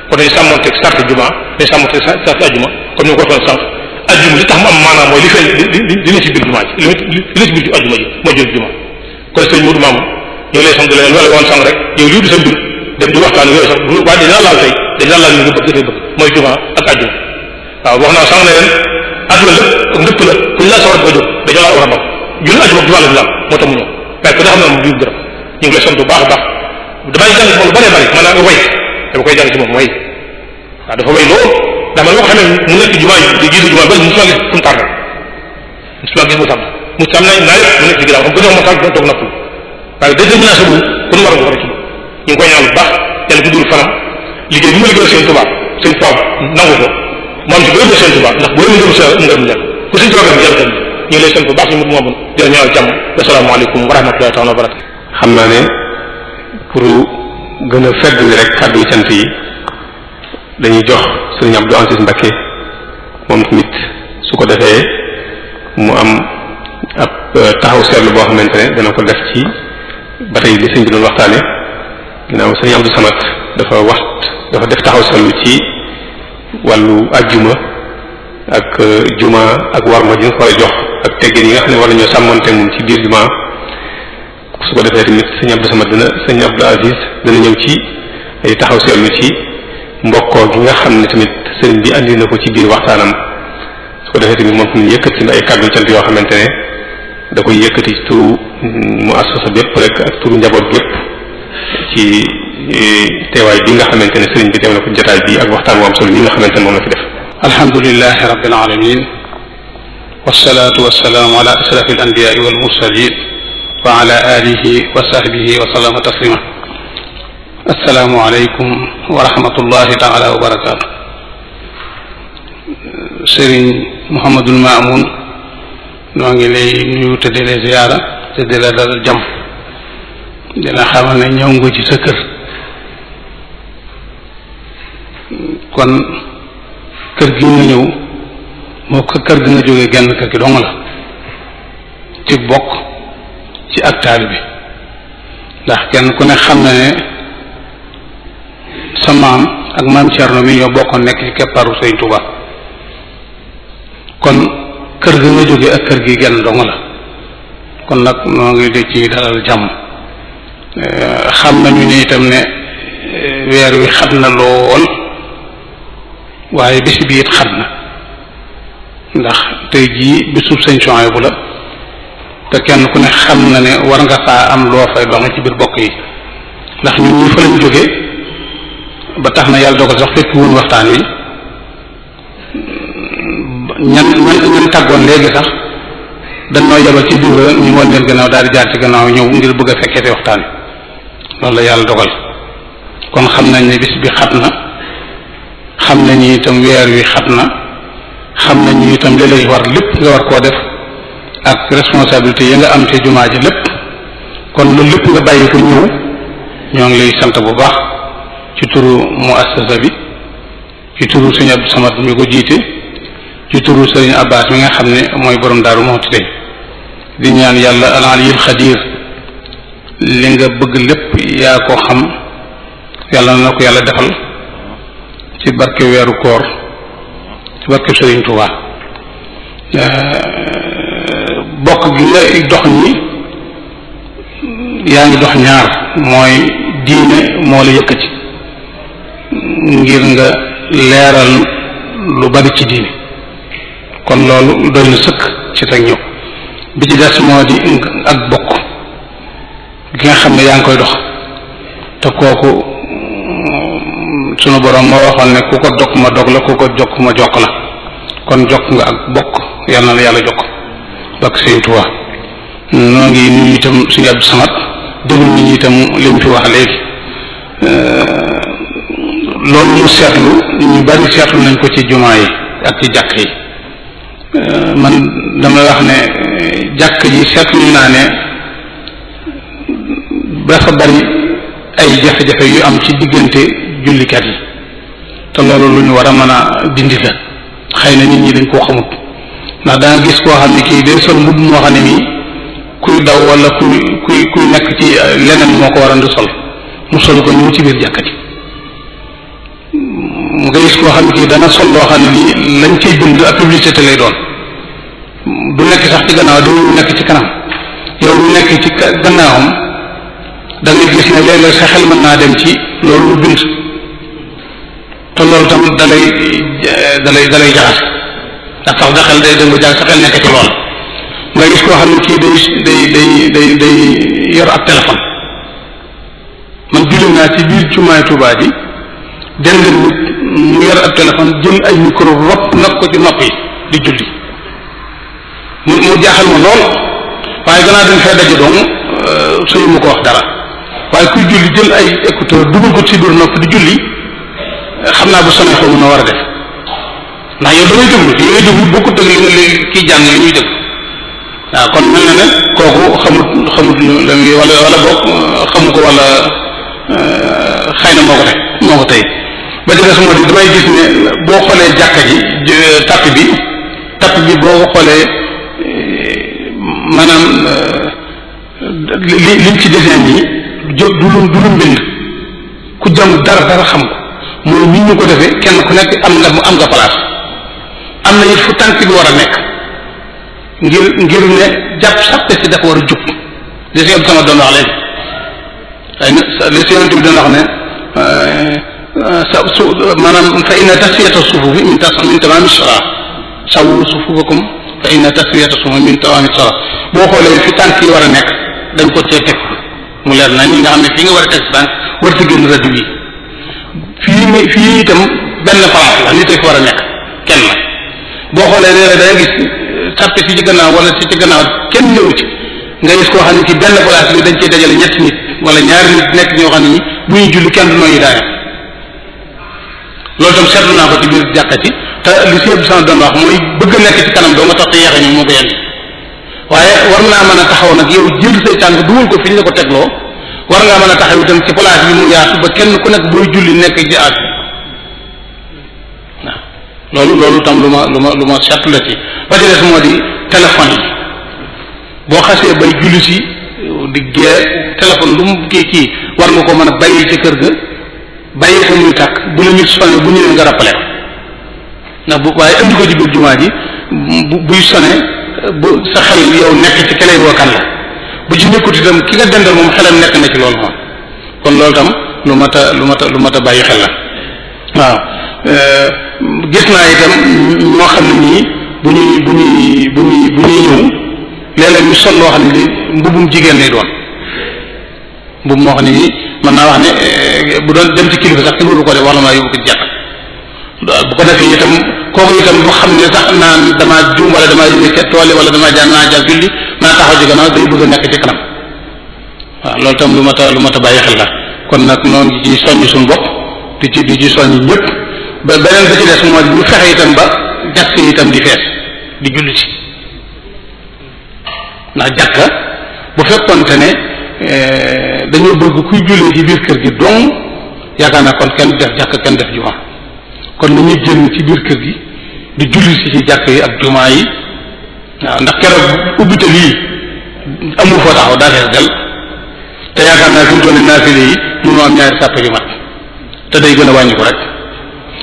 kon dañu sàmmoon teg sàrt jumaa dañu sàmmoon ma ko waxoon sànq ajjuma li li fay li li li kon sëñ Modou Mamoun ñoo lay sant di leen wala woon sang rek yow lii du sa dugg dem di waxtaan yooyu sax bu waaye dañu la laal tey dañu la laal ñu nga bëgg dafay bëgg mooy jumaa ak aju waaw wax naa sang na leen at la lépp ndëpp la kuñ laa sawar ko jóg dañoo laa war a bokk julli aju bokk jumaa lañu laal moo tax mu ñëw waaye ku ne xam ne moom jiw dërëm ñu ngi lay sant bu baax a baax damay jàng ci moom lu bëree bëri maanaam nga way dama koy jàng ci moom way waaw dafa way lool ndax man boo ko xamee mu nekk jumaa yi di jiitu jumaa ba musuma gis ku mu tardé musuma gis mu tardé musuma am naa naa yëpp mu nekk ci ginnaaw xam ku ne ma tardé toog noppi waaye détermination bu kon war a war a ci ñu ngi koy ñaan bu baax yàlla ko dul fanam liggéey bi mu liggéey seen tubaab seen tubaab nangu ko mu am ci gërëm seen tubaab ndax boo ngëm sa ngërëm la ku si jogal jàll tam ñu ngi lay sant bu baax ñu mut moomun di la ñaanal jàmm asalaamaaleykum wa rahmatullahi taala wa barakatu xam naa ne pour gën a fedd ni rek kàddu cant yi dañuy jox sëriñ Abdou Aziz Mbacké moom tamit su ko defee mu am ab euh, taxaw seetlu boo xamante ne dana ko def ci ba tey li sëñ bi doon waxtaane ginnaaw sëñ Abdou Samad dafa wax dafa def taxaw seetlu ci wàllu ajjuma ak euh, juma ak war ma jën ko war a jox ak teggin yi nga xam ne war nañoo sàmmante moom ci biir juma su ko defee tamit sëñ Abdou Samad dana sëñ Abdou Aziz dana ci ay taxaw seetlu ci mbokkoo gi nga xam ne tamit sëriñ bi andi na ko ci biir waxtaanam su ko defee tamit moom tamit yëkkati na ay kàddu cant yoo xamante ne da koy yëkkati ci turu mu assasa bépp rek ak turu njaboot bépp ci e, teewaay bi nga xamante ne sëriñ bi teew na ko jotaay bi ak waxtaan wu am solo bi nga xamante ne moom la fi def. alhamdulilahi rabbil alamin wasalaatu wasalaamu ala ashraf al anbiyaai wal mursalin wa ala alihi wa sahbihi wa sallama taslima asalaamu aleykum wa rahmatullahi taala wa barakaatu sëriñ Mouhamadul Maamoun noo ngi lay nuyu te di lay ziyaara te di la dal jom di la xamal ne ñëw nga ci sa kër kon kër gi nga ñëw moo ko kër gi nga jógee genn kër gi dong la ci bokk ci ak taal bi ndax genn ku ne xam na ne sa maam ak maam Cerno mi ñoo bokkoon nekk ci kepparu Sëñ Tuba kon kër gi nga jóge ak kër gi genn dong la kon nag moo ngi di ci dalal jàmm eh, xam nañu ne itam ne eh, weer wi xat na lool waaye bis bi it xat na ndax tey jii bisub sëñ Suhaybu bu la te kenn ku ne xam na ne war nga faa am loo fay doxe ci biir bokk yi ndax ñun ñu fa lañ jógee ba tax na yàlla dogal sax te woon waxtaan wi ñan ñan tàggoon léegi sax dañ noo yabal ci biir ñu woon leen gannaaw daal di jaar ci gannaaw ñëw ngir bëgg a fekkee fi waxtaan loolu la yàlla dogal kon xam nañ ne bis bi xat na xam nañ itam weer wi xat na xam nañ itam li lay war lépp nga war koo def ak responsabilité yi nga am ci jumaa ji lépp kon loolu lépp nga bàyyi ko ñëw ñoo ngi lay sant bu baax ci turu muassasa bi ci turu Sëñ Abdou Samad mi ko jiite ci turu Serigne Abbas mi nga xam ne mooy borom daaru moo ti tey ñaan yàlla al aliyul xadir li nga bëgg lépp yaa ko xam yàlla na ko yàlla defal ci barke weeru koor ci barke Serigne Touba euh, bokk gi nga dox ñi yaa ngi dox ñaar mooy diine moo la yëkkati ngir nga leeral lu bari ci diine kon loolu doy na sëkk ci teg ñëw bi ci des moo di ak bokk gi nga xam ne yaa ngi koy dox te kooku sunu borom moo waxoon ne ku ko dog ma dog la ku ko jokk ma jokk la kon jokk nga ak bokk yal na la yàlla jokk bakk Sëriñ Tuubaa noo ngi nuyu itam suñu Abdu Samad déglu nit ñi itam li mu fi wax léegi loolu mu seetlu ñu bari seetlu nañ ko ci jumaa yi ak ci jàkk yi man dama wax ne jàkk ji seetlu naa ne dafa bari ay jafe-jafe yu am ci diggante jullikat yi te loolu lu ñu war a mën a dindi la xëy na nit ñi dañ koo xamut ndax danga gis koo xam ne kii de sol mbubb moo xam ne nii kuy daw wala kuy kuy kuy nekk ci euh, leneen moo ko war a sol mu sol ko ñëw ci biir jàkk ji nga gis koo xam ne kii dana sol loo xam ne lii lañ cay bind ak publicité lay doon du nekk sax ci gannaaw du nekk ci kanam yow du nekk ci gannaawam da ngay gis ne léeg-léeg sa xel mën naa dem ci loolu mu bind te loolu tam da lay da lay da lay jaxase ndax sax da xel day dem ba jaxase sa xel nekk ci lool nga gis koo xam ne kii day day day day day yor ab téléphone man julli naa ci biir jumaay Tuubaa ji dend nit yor ab téléphone jël ay micro rob nag ko ci nopp yi di julli mu mu jaaxal ma lool waaye gannaaw dañ fay daje doon euh, suñu mu ko wax dara waaye kuy julli jël ay écouteur dugal ko ci biir nopp di julli euh, xam naa bu sonné xaw ma war a def ndax yow damay déglu li ngay déglu bokkut ak li kiy jàng kon kooku xamut xamut lan wala wala euh, xamu ko wala xëy na moo ko tey moo ko tey ba ci des moo di damay gis ne boo xoolee jàkka ji euh, tapp bi tapp bi boo xoolee euh, maanaam euh, li liñ ci dessin yi jo du lu du lu mbind ku jàng dara dara xam ko mooy nit ñu ko defee kenn ku nekk am nga am nga place am na it fu tànk bi war a nekk ngir ngir ne jàpp sàppe si dafa war a jub li si sama doon wax léegi waaye bi doon ne sa su maanaam fa inna tasfiyata sufufi min tas min tamaami salaa sawwu sufufakum fa inna tasfiyata sufufi min tamaami salaa boo xoolee fi tànk yi war a nekk dañ ko cee teg mu leer na ñi nga xam ne fii nga war a teg tànk war ci génn rajo yi fii fii itam benn place la nit a war a nekk kenn boo xoolee léeg-léeg da ngay gis sàppe euh, si ci gannaaw wala si ci gannaaw kenn ñëwu ci nga gis koo xam ne kii benn place bi dañ cee dajale ñetti nit wala ñaari nit nekk ñoo xam ne ni bu ñuy julli kenn du nooyu daanaka. loolu tam seetlu naa ko ci biir jàkka ci te li si ëpp sama doon wax mooy bëgg nekk ci kanam doo nga tax te yeexe ñu moo ko yenn waaye war naa mën a taxaw nag yow jël say tànk dugal ko fi ñu la ko tegloo war nga mën a taxaw itam ci place yi mu yaatu ba kenn ku nekk booy julli nekk ci at loolu tam lu ma ma lu ma seetlu la ci ba moo di téléphone yi boo xasee bay julli si di lu mu kii kii war nga ko mën a bàyyi ci kër gi bàyyi ko yu tàkk bu la nit sonné bu ñëwee nga rappelé ko ndax bu waaye indi ko ci jumaa ji bu buy sonné bu sa xel yow nekk ci kelay boo kan la bu ci nekkut itam ki nga dendal moom xelam nekk na ci loolu moom kon loolu tam lu mat a lu mat a lu mat a bàyyi xel la waaw euh, gis naa itam moo xam ne nii bu ñuy bu ñuy bu ñuy bu ñuy ñëw léeg ñu sol loo xam ne ni mbubum jigéen lay doon mbubu moo xam ne nii mën naa wax ne eh, bu doon dem ci kilifa sax kenn waru ko def wala maa yóbbu ko bu ko defee itam kooku itam mu xam ne sax naan damaa juum wala damaa yóbbu ca tool yi wala damaa jaar naa jaar julli naa taxaw ci gannaaw day bëgg a nekk ci kanam waaw loolu tam lu mat a lu mat a bàyyi xel la kon nag noonu ci soññ suñu bopp di ci di ci soññ ñëpp ba beneen bi ci des mooy ñu fexe tam ba jàkk itam di fees di julli ci ndax ka bu fekkonte ne Eh, dañoo bëgg kuy jullee ci biir kër gi dong yaakaar naa kon kenn def jàkk kenn def juma kon dañuy génn ci biir kër gi di julli si ci jàkk yi ak juma yi waaw ndax keroog ubbite lii amul foo taxaw daa fees del te yaakaar naa fi mu toll nii naafile yi mënoo am ñaari sàpp yu mat te day gën a wàññiku rek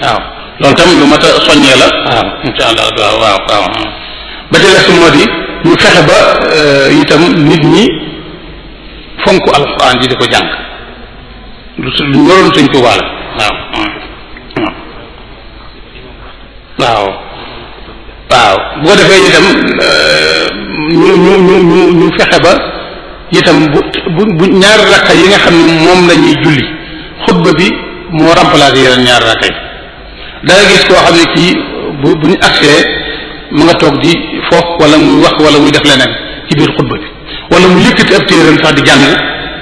waaw loolu tam lu mat a soññee la waaw insha allah ba ci des moo di ñu fexe ba eh, itam nit ñi. fonk alxuraan ji di ko jàng lu su lu ñoroon waaw waaw waaw bu defee itam euh, ñu ñu ñu ñu fexe ba itam bu bu ñaari rakka yi nga xam ne moom lañuy ñuy julli xutba bi moo remplacé yeneen ñaari rakka yi danga gis koo xam ne kii bu bu ñu agsee mu nga toog di foofu wala muy wax wala muy def leneen ci biir xutba bi wala mu yëkkati ab téeram sax di jàng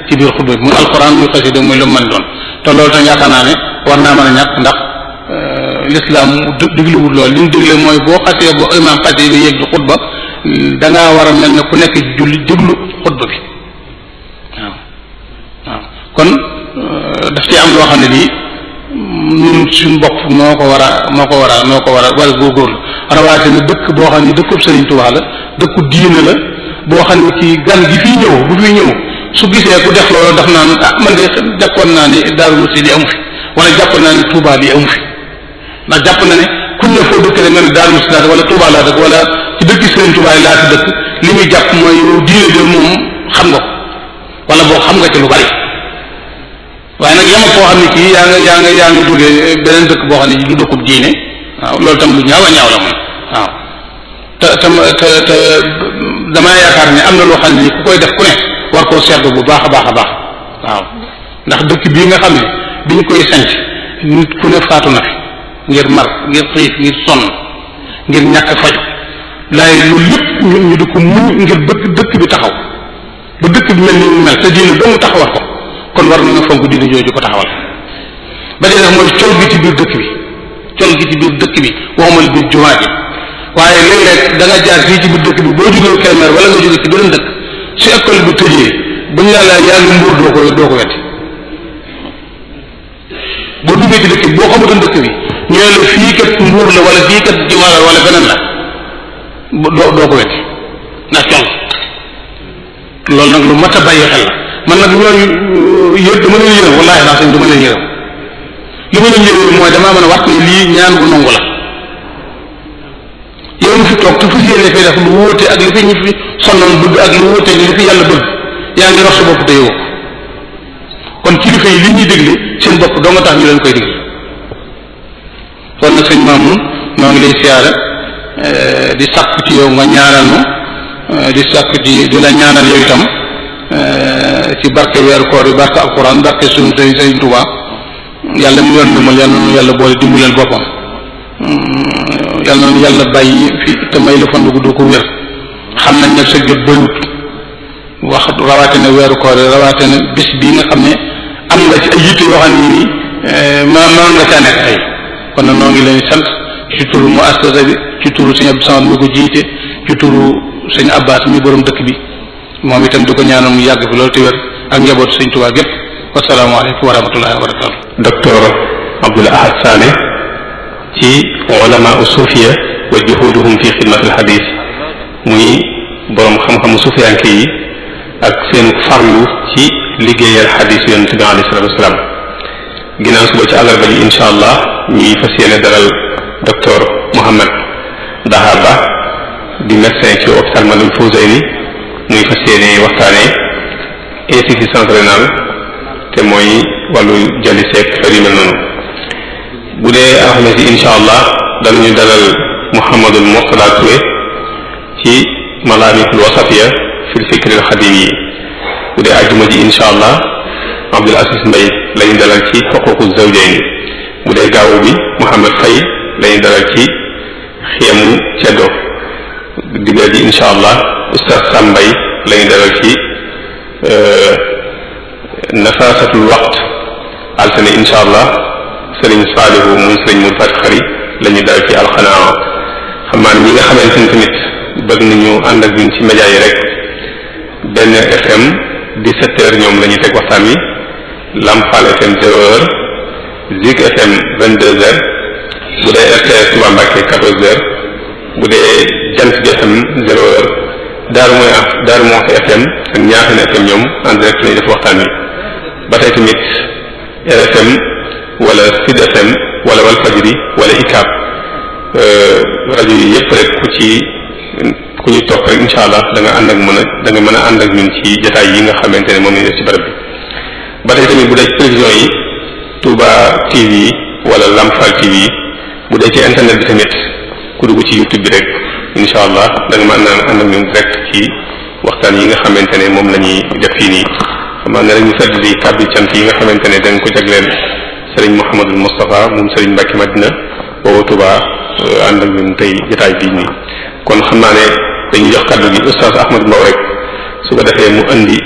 ci biir xutba bi muy alquran muy xasida muy lu mën doon te loolu tam yaakaar naa ne war naa mën a ñàkk ndax euh, l'islam digluwul lool li mu digle mooy boo xasee ba imam xasee ba yëg xutba mm, da ngaa war a mel ne ku nekk julli diglu xutba bi waaw waaw kon euh, daf ci am loo xam ne lii ñun suñu bopp moo ko war a moo ko war a moo ko war a war a góorgóorlu rawatina dëkk boo xam ne dëkkub Sëriñ Tuubaa la dëkku diine la boo xam ne kii gan gi fii ñëw bu fi ñëw su gisee ku def loolu daf naan ah man de jàppoon naa ne Darou Moukhty di amu fi wala jàppoon naa ne Touba di amu fi ndax jàpp na ne kuñ ne foo dëkk rek nga ne Darou Moukhty laa dëkk wala Touba laa dëkk wala ci dëkk Serigne Touba yi laa ci dëkk li muy jàpp mooy yow diine bi moom xam nga ko wala boo xam nga ci lu bari waaye nag yama koo xam ne kii yaa nga yaa nga yaa beneen dëkk boo xam ne du dëkkub diine waaw loolu tam lu ñaaw a ñaaw damaa yaakaar ni am na loo xam ne ku koy def ku ne war koo seetlu bu baax a baax a baax waaw ndax dëkk bii nga xam ne bi ñu koy sanc nit ku ne faatu na fi ngir mar ngir xiif ngir sonn ngir ñàkk faj laay loolu lépp ñu ñu di ko muñ ngir dëkk bi taxaw bu dëkk bi mel ni mu mel te diine dong taxawal ko kon war nañoo fonk diine jooju ko taxawal ba dee def mooy col gi ci biir dëkk bi col gi ci biir dëkk bi waxumal biir jumaa ji waaye léeg-léeg da nga jaar fii ci bu dëkk bi boo jógee Kébémer wala nga jógee ci beneen dëkk su école bi tëjee buñ la laaj yaa ngi mbuur doo ko doo ko wetti boo duggee ci dëkk bi boo xamutoon dëkk bi ñu ne la fii kat mbuur la wala fii kat jiwaa la feneen la doo doo ko wetti ndax cong loolu nag lu mat a bàyyi xel la man nag ñooñu yëpp ma leen yërëm wallaahi naa sëñ dama leen yërëm li ma leen yërëm mooy damaa mën a wax lii ñaan gu nangu la fi toog te fas yéene fee def lu wóote ak li fi ñu fi sonal bëgg ak lu wóote li fi yàlla bëgg yaa ngi wax sa bopp te yow kon kilifa yi li ñuy digle seen bopp doo nga tax ñu leen koy digle kon nag sëñ maam maa ngi lay siyaara eh, di sàkku ci yow nga ñaanal ma eh, di sàkku ci di ñaanal yow itam eh, ci barke weer koor yi barke alquran barke suñu sëñ sëñ yàlla mu yor ndimbal yàlla yàlla boole dimbalal boppam mm, yal na nu yàlla bàyyi fi te may la fandu gudd ko wér xam nañ ne sa jot bëriwut wax rawaate na weeru koor rawaate ne bis bi nga xam ne am nga ci yoo xam ne nii eh, ma ma nga caa nekk tey kon nag noo ngi leen sant ci turu muassasa bi ci turu sëñ Abdou Samad mi ko ci turu sëñ Abbas mi borom dëkk bi moom itam du ko ñaanal mu yàgg fi loolu te wér ak njaboot sëñ Tuubaa gépp wasalaamaaleykum wa rahmatullahi wa barakatu docteur Abdoul Ahad Sané ci ulama u suufiya wa juhuduhum fi xidmatil xadis muy boroom xam-xamu suufiyanke yi ak seenu farlu ci liggéeyal xadis yonent bi alayhi salaatu wasalaam ginnaaw suba ci àllarba ji insha allah ñuy fas yéene dalal docteur Mohamed Daha Ba di médecin ci hôpital Matlaboul Fawzayni muy fas yéene waxtaanee insuffisance rénale te mooy wàllu jali seek xel noonu bu dee alxames yi incha allah danañu dalal Mouhamadul Mourtada Touré ci malaamikul wasafiya fil fikril xadim yi bu dee ajjuma ji incha allah Abdul Asis Mbay lañu dalal ci xuququ zawjayn bu dee gaawu bi Mouhamad Fay lañu dalal ci xiyamu ceddo digal ji incha allah Oustaz Sambay lañu dalal ci euh, nafasatul waqt altine incha allah sëriñ Saalihu muy sëriñ mu fat xari la ñu dal ci alxanaa xam naa ñi nga xamante ni tamit bëgg nañu ànd ak ñun ci média yi rek benn FM 17 heures ñoom la ñuy teg waxtaan yi Lampal FM 0 heure Zik FM 22 heures bu dee RTS Touba Mbacké 14 heures bu bi FM 0 heure Daaru mooy Daaru Mouhty FM ak Niassène FM ñoom en direct la def waxtaan yi ba tey tamit RFM wala Sud FM wala Walfajri wala ICAP euh, rajo yi yëpp rek ku ci ku ñu topp rek incha allah da nga ànd ak mën a da nga mën a ànd ak ñun ci jotaay yi nga xamante ne moom la def ci barab bi. ba bu dee ci yi Touba TV wala Lamfal TV bu dee ci internet bi tamit ku ci YouTube bi rek incha allah da nga mën a ak ñun direct ci waxtaan yi nga xamante ne moom la ñuy def fii nii xam ne rek ñu sedd di kàddu cant yi nga xamante ne dañ ko jagleel. sëriñ Mouhamadul Moustapha moom sëriñ Mbacke Madina booba Touba euh, ànd ak ñun tey jotaay bii nii kon xam naa ne dañuy jox kàddu gi oustaz Ahmad Mbow rek su ko defee mu indi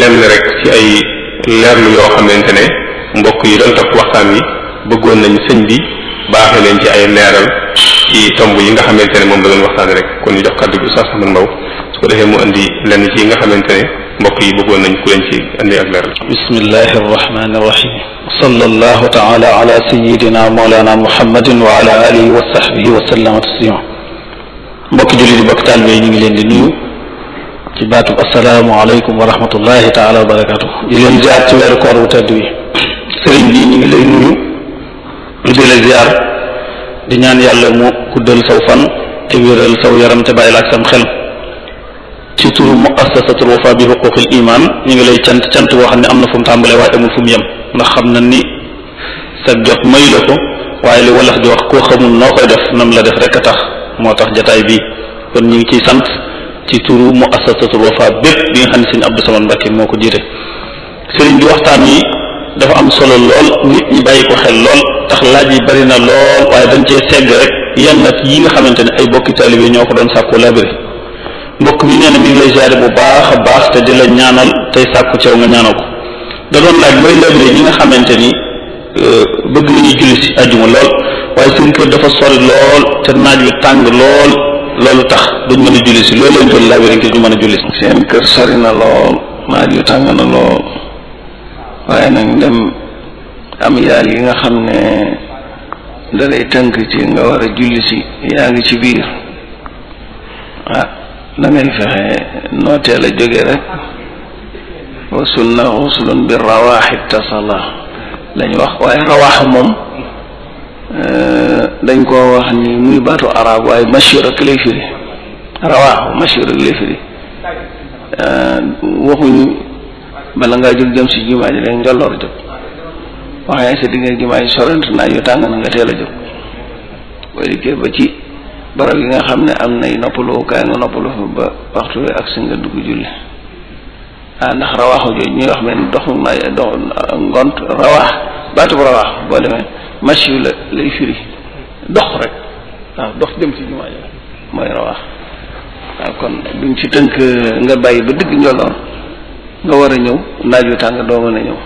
lenn rek ci ay leerlu yoo xamante ne mbokk yi doon topp waxtaan wi bëggoon nañ sëñ bi baaxee leen ci ay leeral ci tomb yi nga xamante ne moom la doon waxtaan rek kon ñu jox kàddu gi oustaz Ahmad Mbow su ko defee mu andi lenn ci yi nga xamante ne. mbokk yi bëggoon nañ ku leen ci andi ak leeral bismillahi arrahmani irrahim sala allahu taala ala sayidina moolana muhammadin wa ala alihi wa sahbihi wa sallama taslima mbokki julli di mbokk taalibe yi ñu ngi leen di nuyu ci baatub asalaamualeykum wa rahmatullahi taala wa barakatu di leen ziar ci weeru koor bu tedd bi sëriñ bi ñu ngi lay nuyu di la ziar di ñaan yàlla mu guddal saw fan te wéral saw yaram te bàyyil ak sam xel ci turu muassasatul wafa bi xuquqil iman ñu ngi lay cant cant boo xam ne am na fu mu tàmbalee waaye amul fu mu yem ndax xam na ni sa jot may la ko waaye li walax gi wax koo xamul noo koy def nam la def rek a tax moo tax jataay bi kon ñu ngi ci sant ci turu muassasatul wafa bépp bi nga xam ne sëñ Abdou Samad Mbacké moo ko jiite sëriñ bi waxtaan yi dafa am solo lool nit ñi bàyyi ko xel lool tax laaj yi bari na lool waaye dañ cee segg rek yan nag yi nga xamante ne ay bokki taalibe ñoo ko doon sàkku labiri mbokk mi nee na bu baax a baax te di la ñaanal tey sàkku cew nga ñaanal ko da doon laaj mooy léeg-léeg ñi nga xamante ni euh, bëgg nañu julli si àjjuma lool waaye seen kër dafa sori lool te naaj wi tàng lool loolu tax duñ mën a julli si loolu lañ doon laaj mën a julli si. kër sori na lool naaj wi na lool waaye nag dem am yaal yi nga xam ne da lay tënk ci nga war a julli si yaa ngi ci biir ah. na ngeen fexe noo teel a jóge rek wasulna xuslun bi rawaaxi tasala lañ wax waaye rawaax moom eh, dañ koo wax ni muy baatu arab waaye machur ak lay firi rawaaxu machur ak lay firi eh, waxuñu bala ngaa jóg jëm si jumaa ji rek njolloor jóg waxee sa digg jumaa ji naa yu tàng na nga teel a jóg booy dikkee ba ci barab yi nga xam ne am nay noppalukaay nga noppalu fa ba waxtu wi agsi nga dugg julli ah ndax rawaaxu jooju ñuy wax benn dox dox ngont rawaax baatu bu rawaax boo demee machi la lay firi dox rek waaw dox jëm ci jumaa mooy rawaax waaw kon duñ ci tënk eh, nga bàyyi ba digg njoloor nga war a ñëw naaj wu tàng doo mën a ñëw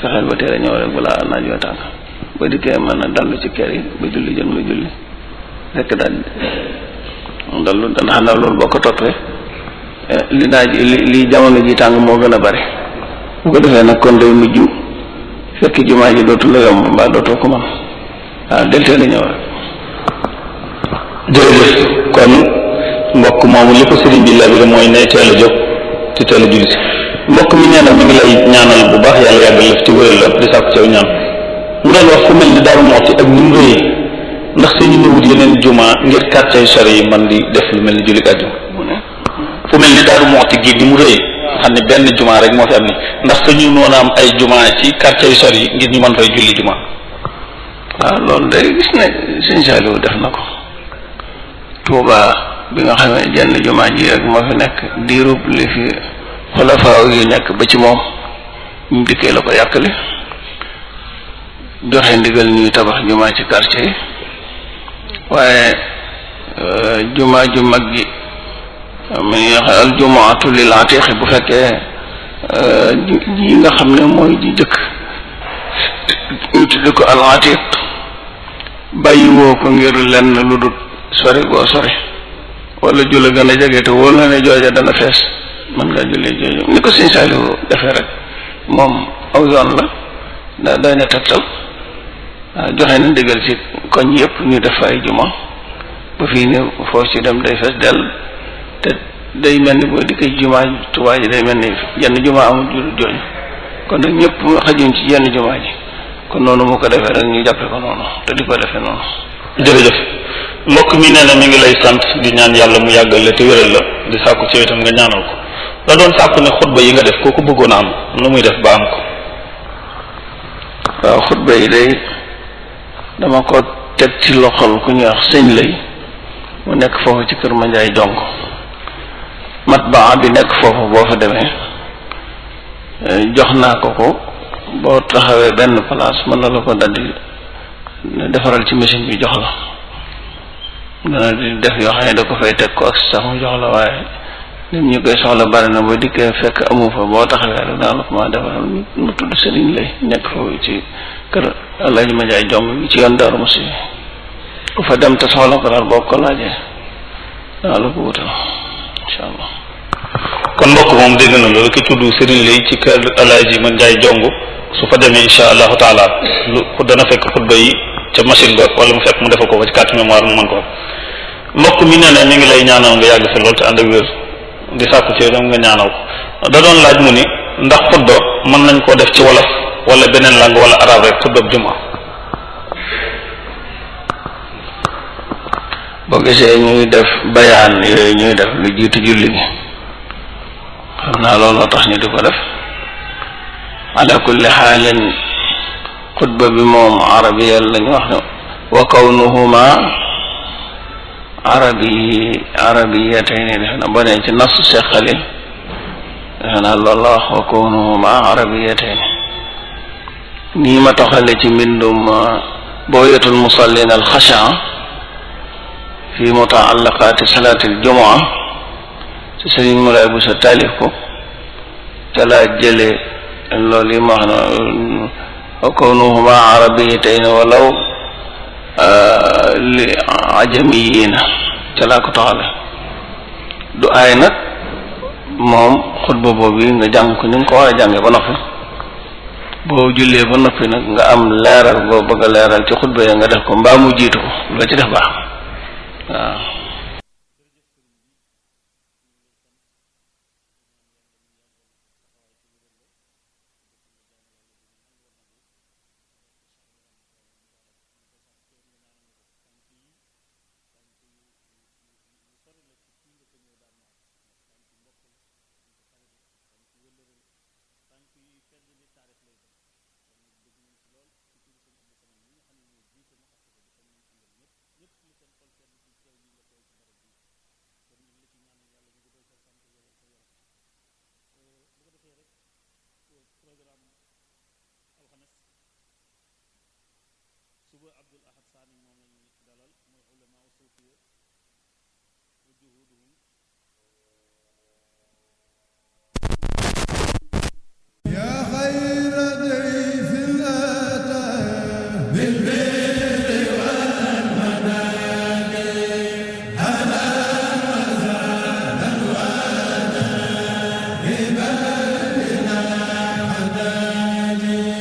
fexeel ba teel a ñëw rek balaa naaj wu ba dikkee mën a dallu ci kër yi ba julli jëm nga julli rekk daal dal danaa na loolu boo ko toppee eh, li naaj li li jamono ji tàng moo gën a bare bu ko defee nag kon day mujj fekk jumaa ji dootu la yomb mbaa dootoo ko man waaw ah, del teel a ñëw rek jërëjëf kon mbokk moomu li ko sëriñ bi labiré mi nee na mi lay ñaanal bu baax yàlla yàggal la fi ci wéral la di sàkku ci ñaan mu doon wax fu mel ni Daaru Muxti ak ni mu ndax suñu ñëwul yeneen juma ngir quartier sori yi man di def lu mel ni jullit àjjuma fu mel ni Daaru Muxti gi di mu rëy xam ne benn juma rek moo fi am ni ndax suñu noonu am ay juma ci quartier yu sori yi ngir ñu man fay julli juma waaw ah, loolu day gis ne suñ def na ko Tuuba bi nga xam ne jenn juma ji rek moo fi nekk diirub li fi xolafaaw yi nekk ba ci moom ñu dikkee la ko yàqale joxe ndigal ñuy tabax juma ci quartier yi waaye euh, jumaa ju mag gi mu ngi wax al jumaatu lil bu fekkee euh, ji nga xam ne mooy jëkk ñu tudd ko al atiq bàyyiwoo ko ngir lenn lu dul sori goo sori wala jula gën a jege te wóor na ne jooja dana fees mën ngaa jullee jooju ni ko Sëñ Saalihu rek moom aw la da doy na tegtal Ah, joxe na ndigal ci koñ yëpp ñu def ay juma ba fii ne foo ci dem day fees dell te day mel ni boo dikkee juma Tuubaa ji day mel ni jenn juma amul juru jooju kon nag ñëpp xajuñ ci jenn juma ji kon noonu moo ko defee rek ñu jàppe ko noonu te di ko defee noonu. jëf mbokk mi nee na mi ngi lay sant di ñaan yàlla mu yàggal la te wéral la di sàkku ci itam nga ñaanal ko da doon sàkku ne xutba yi nga def kooku bëggoon am nu muy def ba am ko. waaw xutba yi dama ko teg ci loxol ku ñuy wax sëñ lay mu nekk foofu ci kër jonk mat matbaa bi nekk foofu boo fa demee eh, jox naa ko ko boo taxawee benn place mën na la ko daldi defaral ci machine bi jox la dana di def yoo xam ne da ko fay teg ko ak sax mu jox la waaye nim ñu koy soxla bari na ba dikkee fekk amu fa boo taxawee rek dana la ko ma defaral mu tudd sëriñ lay nekk foofu ci kër Alaaji ma jaay jong gi ci yoon Daaru Musi ku fa dem te soxla ko daal boo ko laajee daa la ko wutal incha allah kon mbokk moom dégg na loolu ki tudd sëriñ lay ci kër Alaaji ma jaay jong su fa demee incha allahu taala lu dana fekk xutba yi ca machine ba wala mu fekk mu defal ko ba ci carte mémoire mu mën ko mbokk mi nee na ñu ngi lay ñaanal nga yàgg fi loolu te ànd ak wér di sàkku ci nga ñaanal ko da doon laaj mu ni ndax xutba mën nañ koo def ci wolof wala beneen langue wala arabe rek xutbab juma boo gisee ñuy def bayaan yooyu ñuy def lu jiitu julli gi xam naa looloo tax ñu di ko def ala kulli xaalin xutba bi moom arabiyal lañu wa kawnuhuma arabi arabiyatayni def na ba ne ci nasu Seex Xalil defe naa loolu la wa kawnuhuma arabiyatayni nii ma toxale ci mbindum uh, booyatul musallin al xashaa fi mutaallaqaati salaatil jumaa ci sëriñ mu lay bu sa taalif ko te laa jële loolu yi ma wax na uh, kawnuhuma arabiyatayni uh, nga ko ñu ngi ko war a jànge ba noppi boo jullee ba noppi nag nga am leeral boo bëgg leeral ci xutba ya nga def ko mbaam mu jiitu ko lu la ci def baax waaw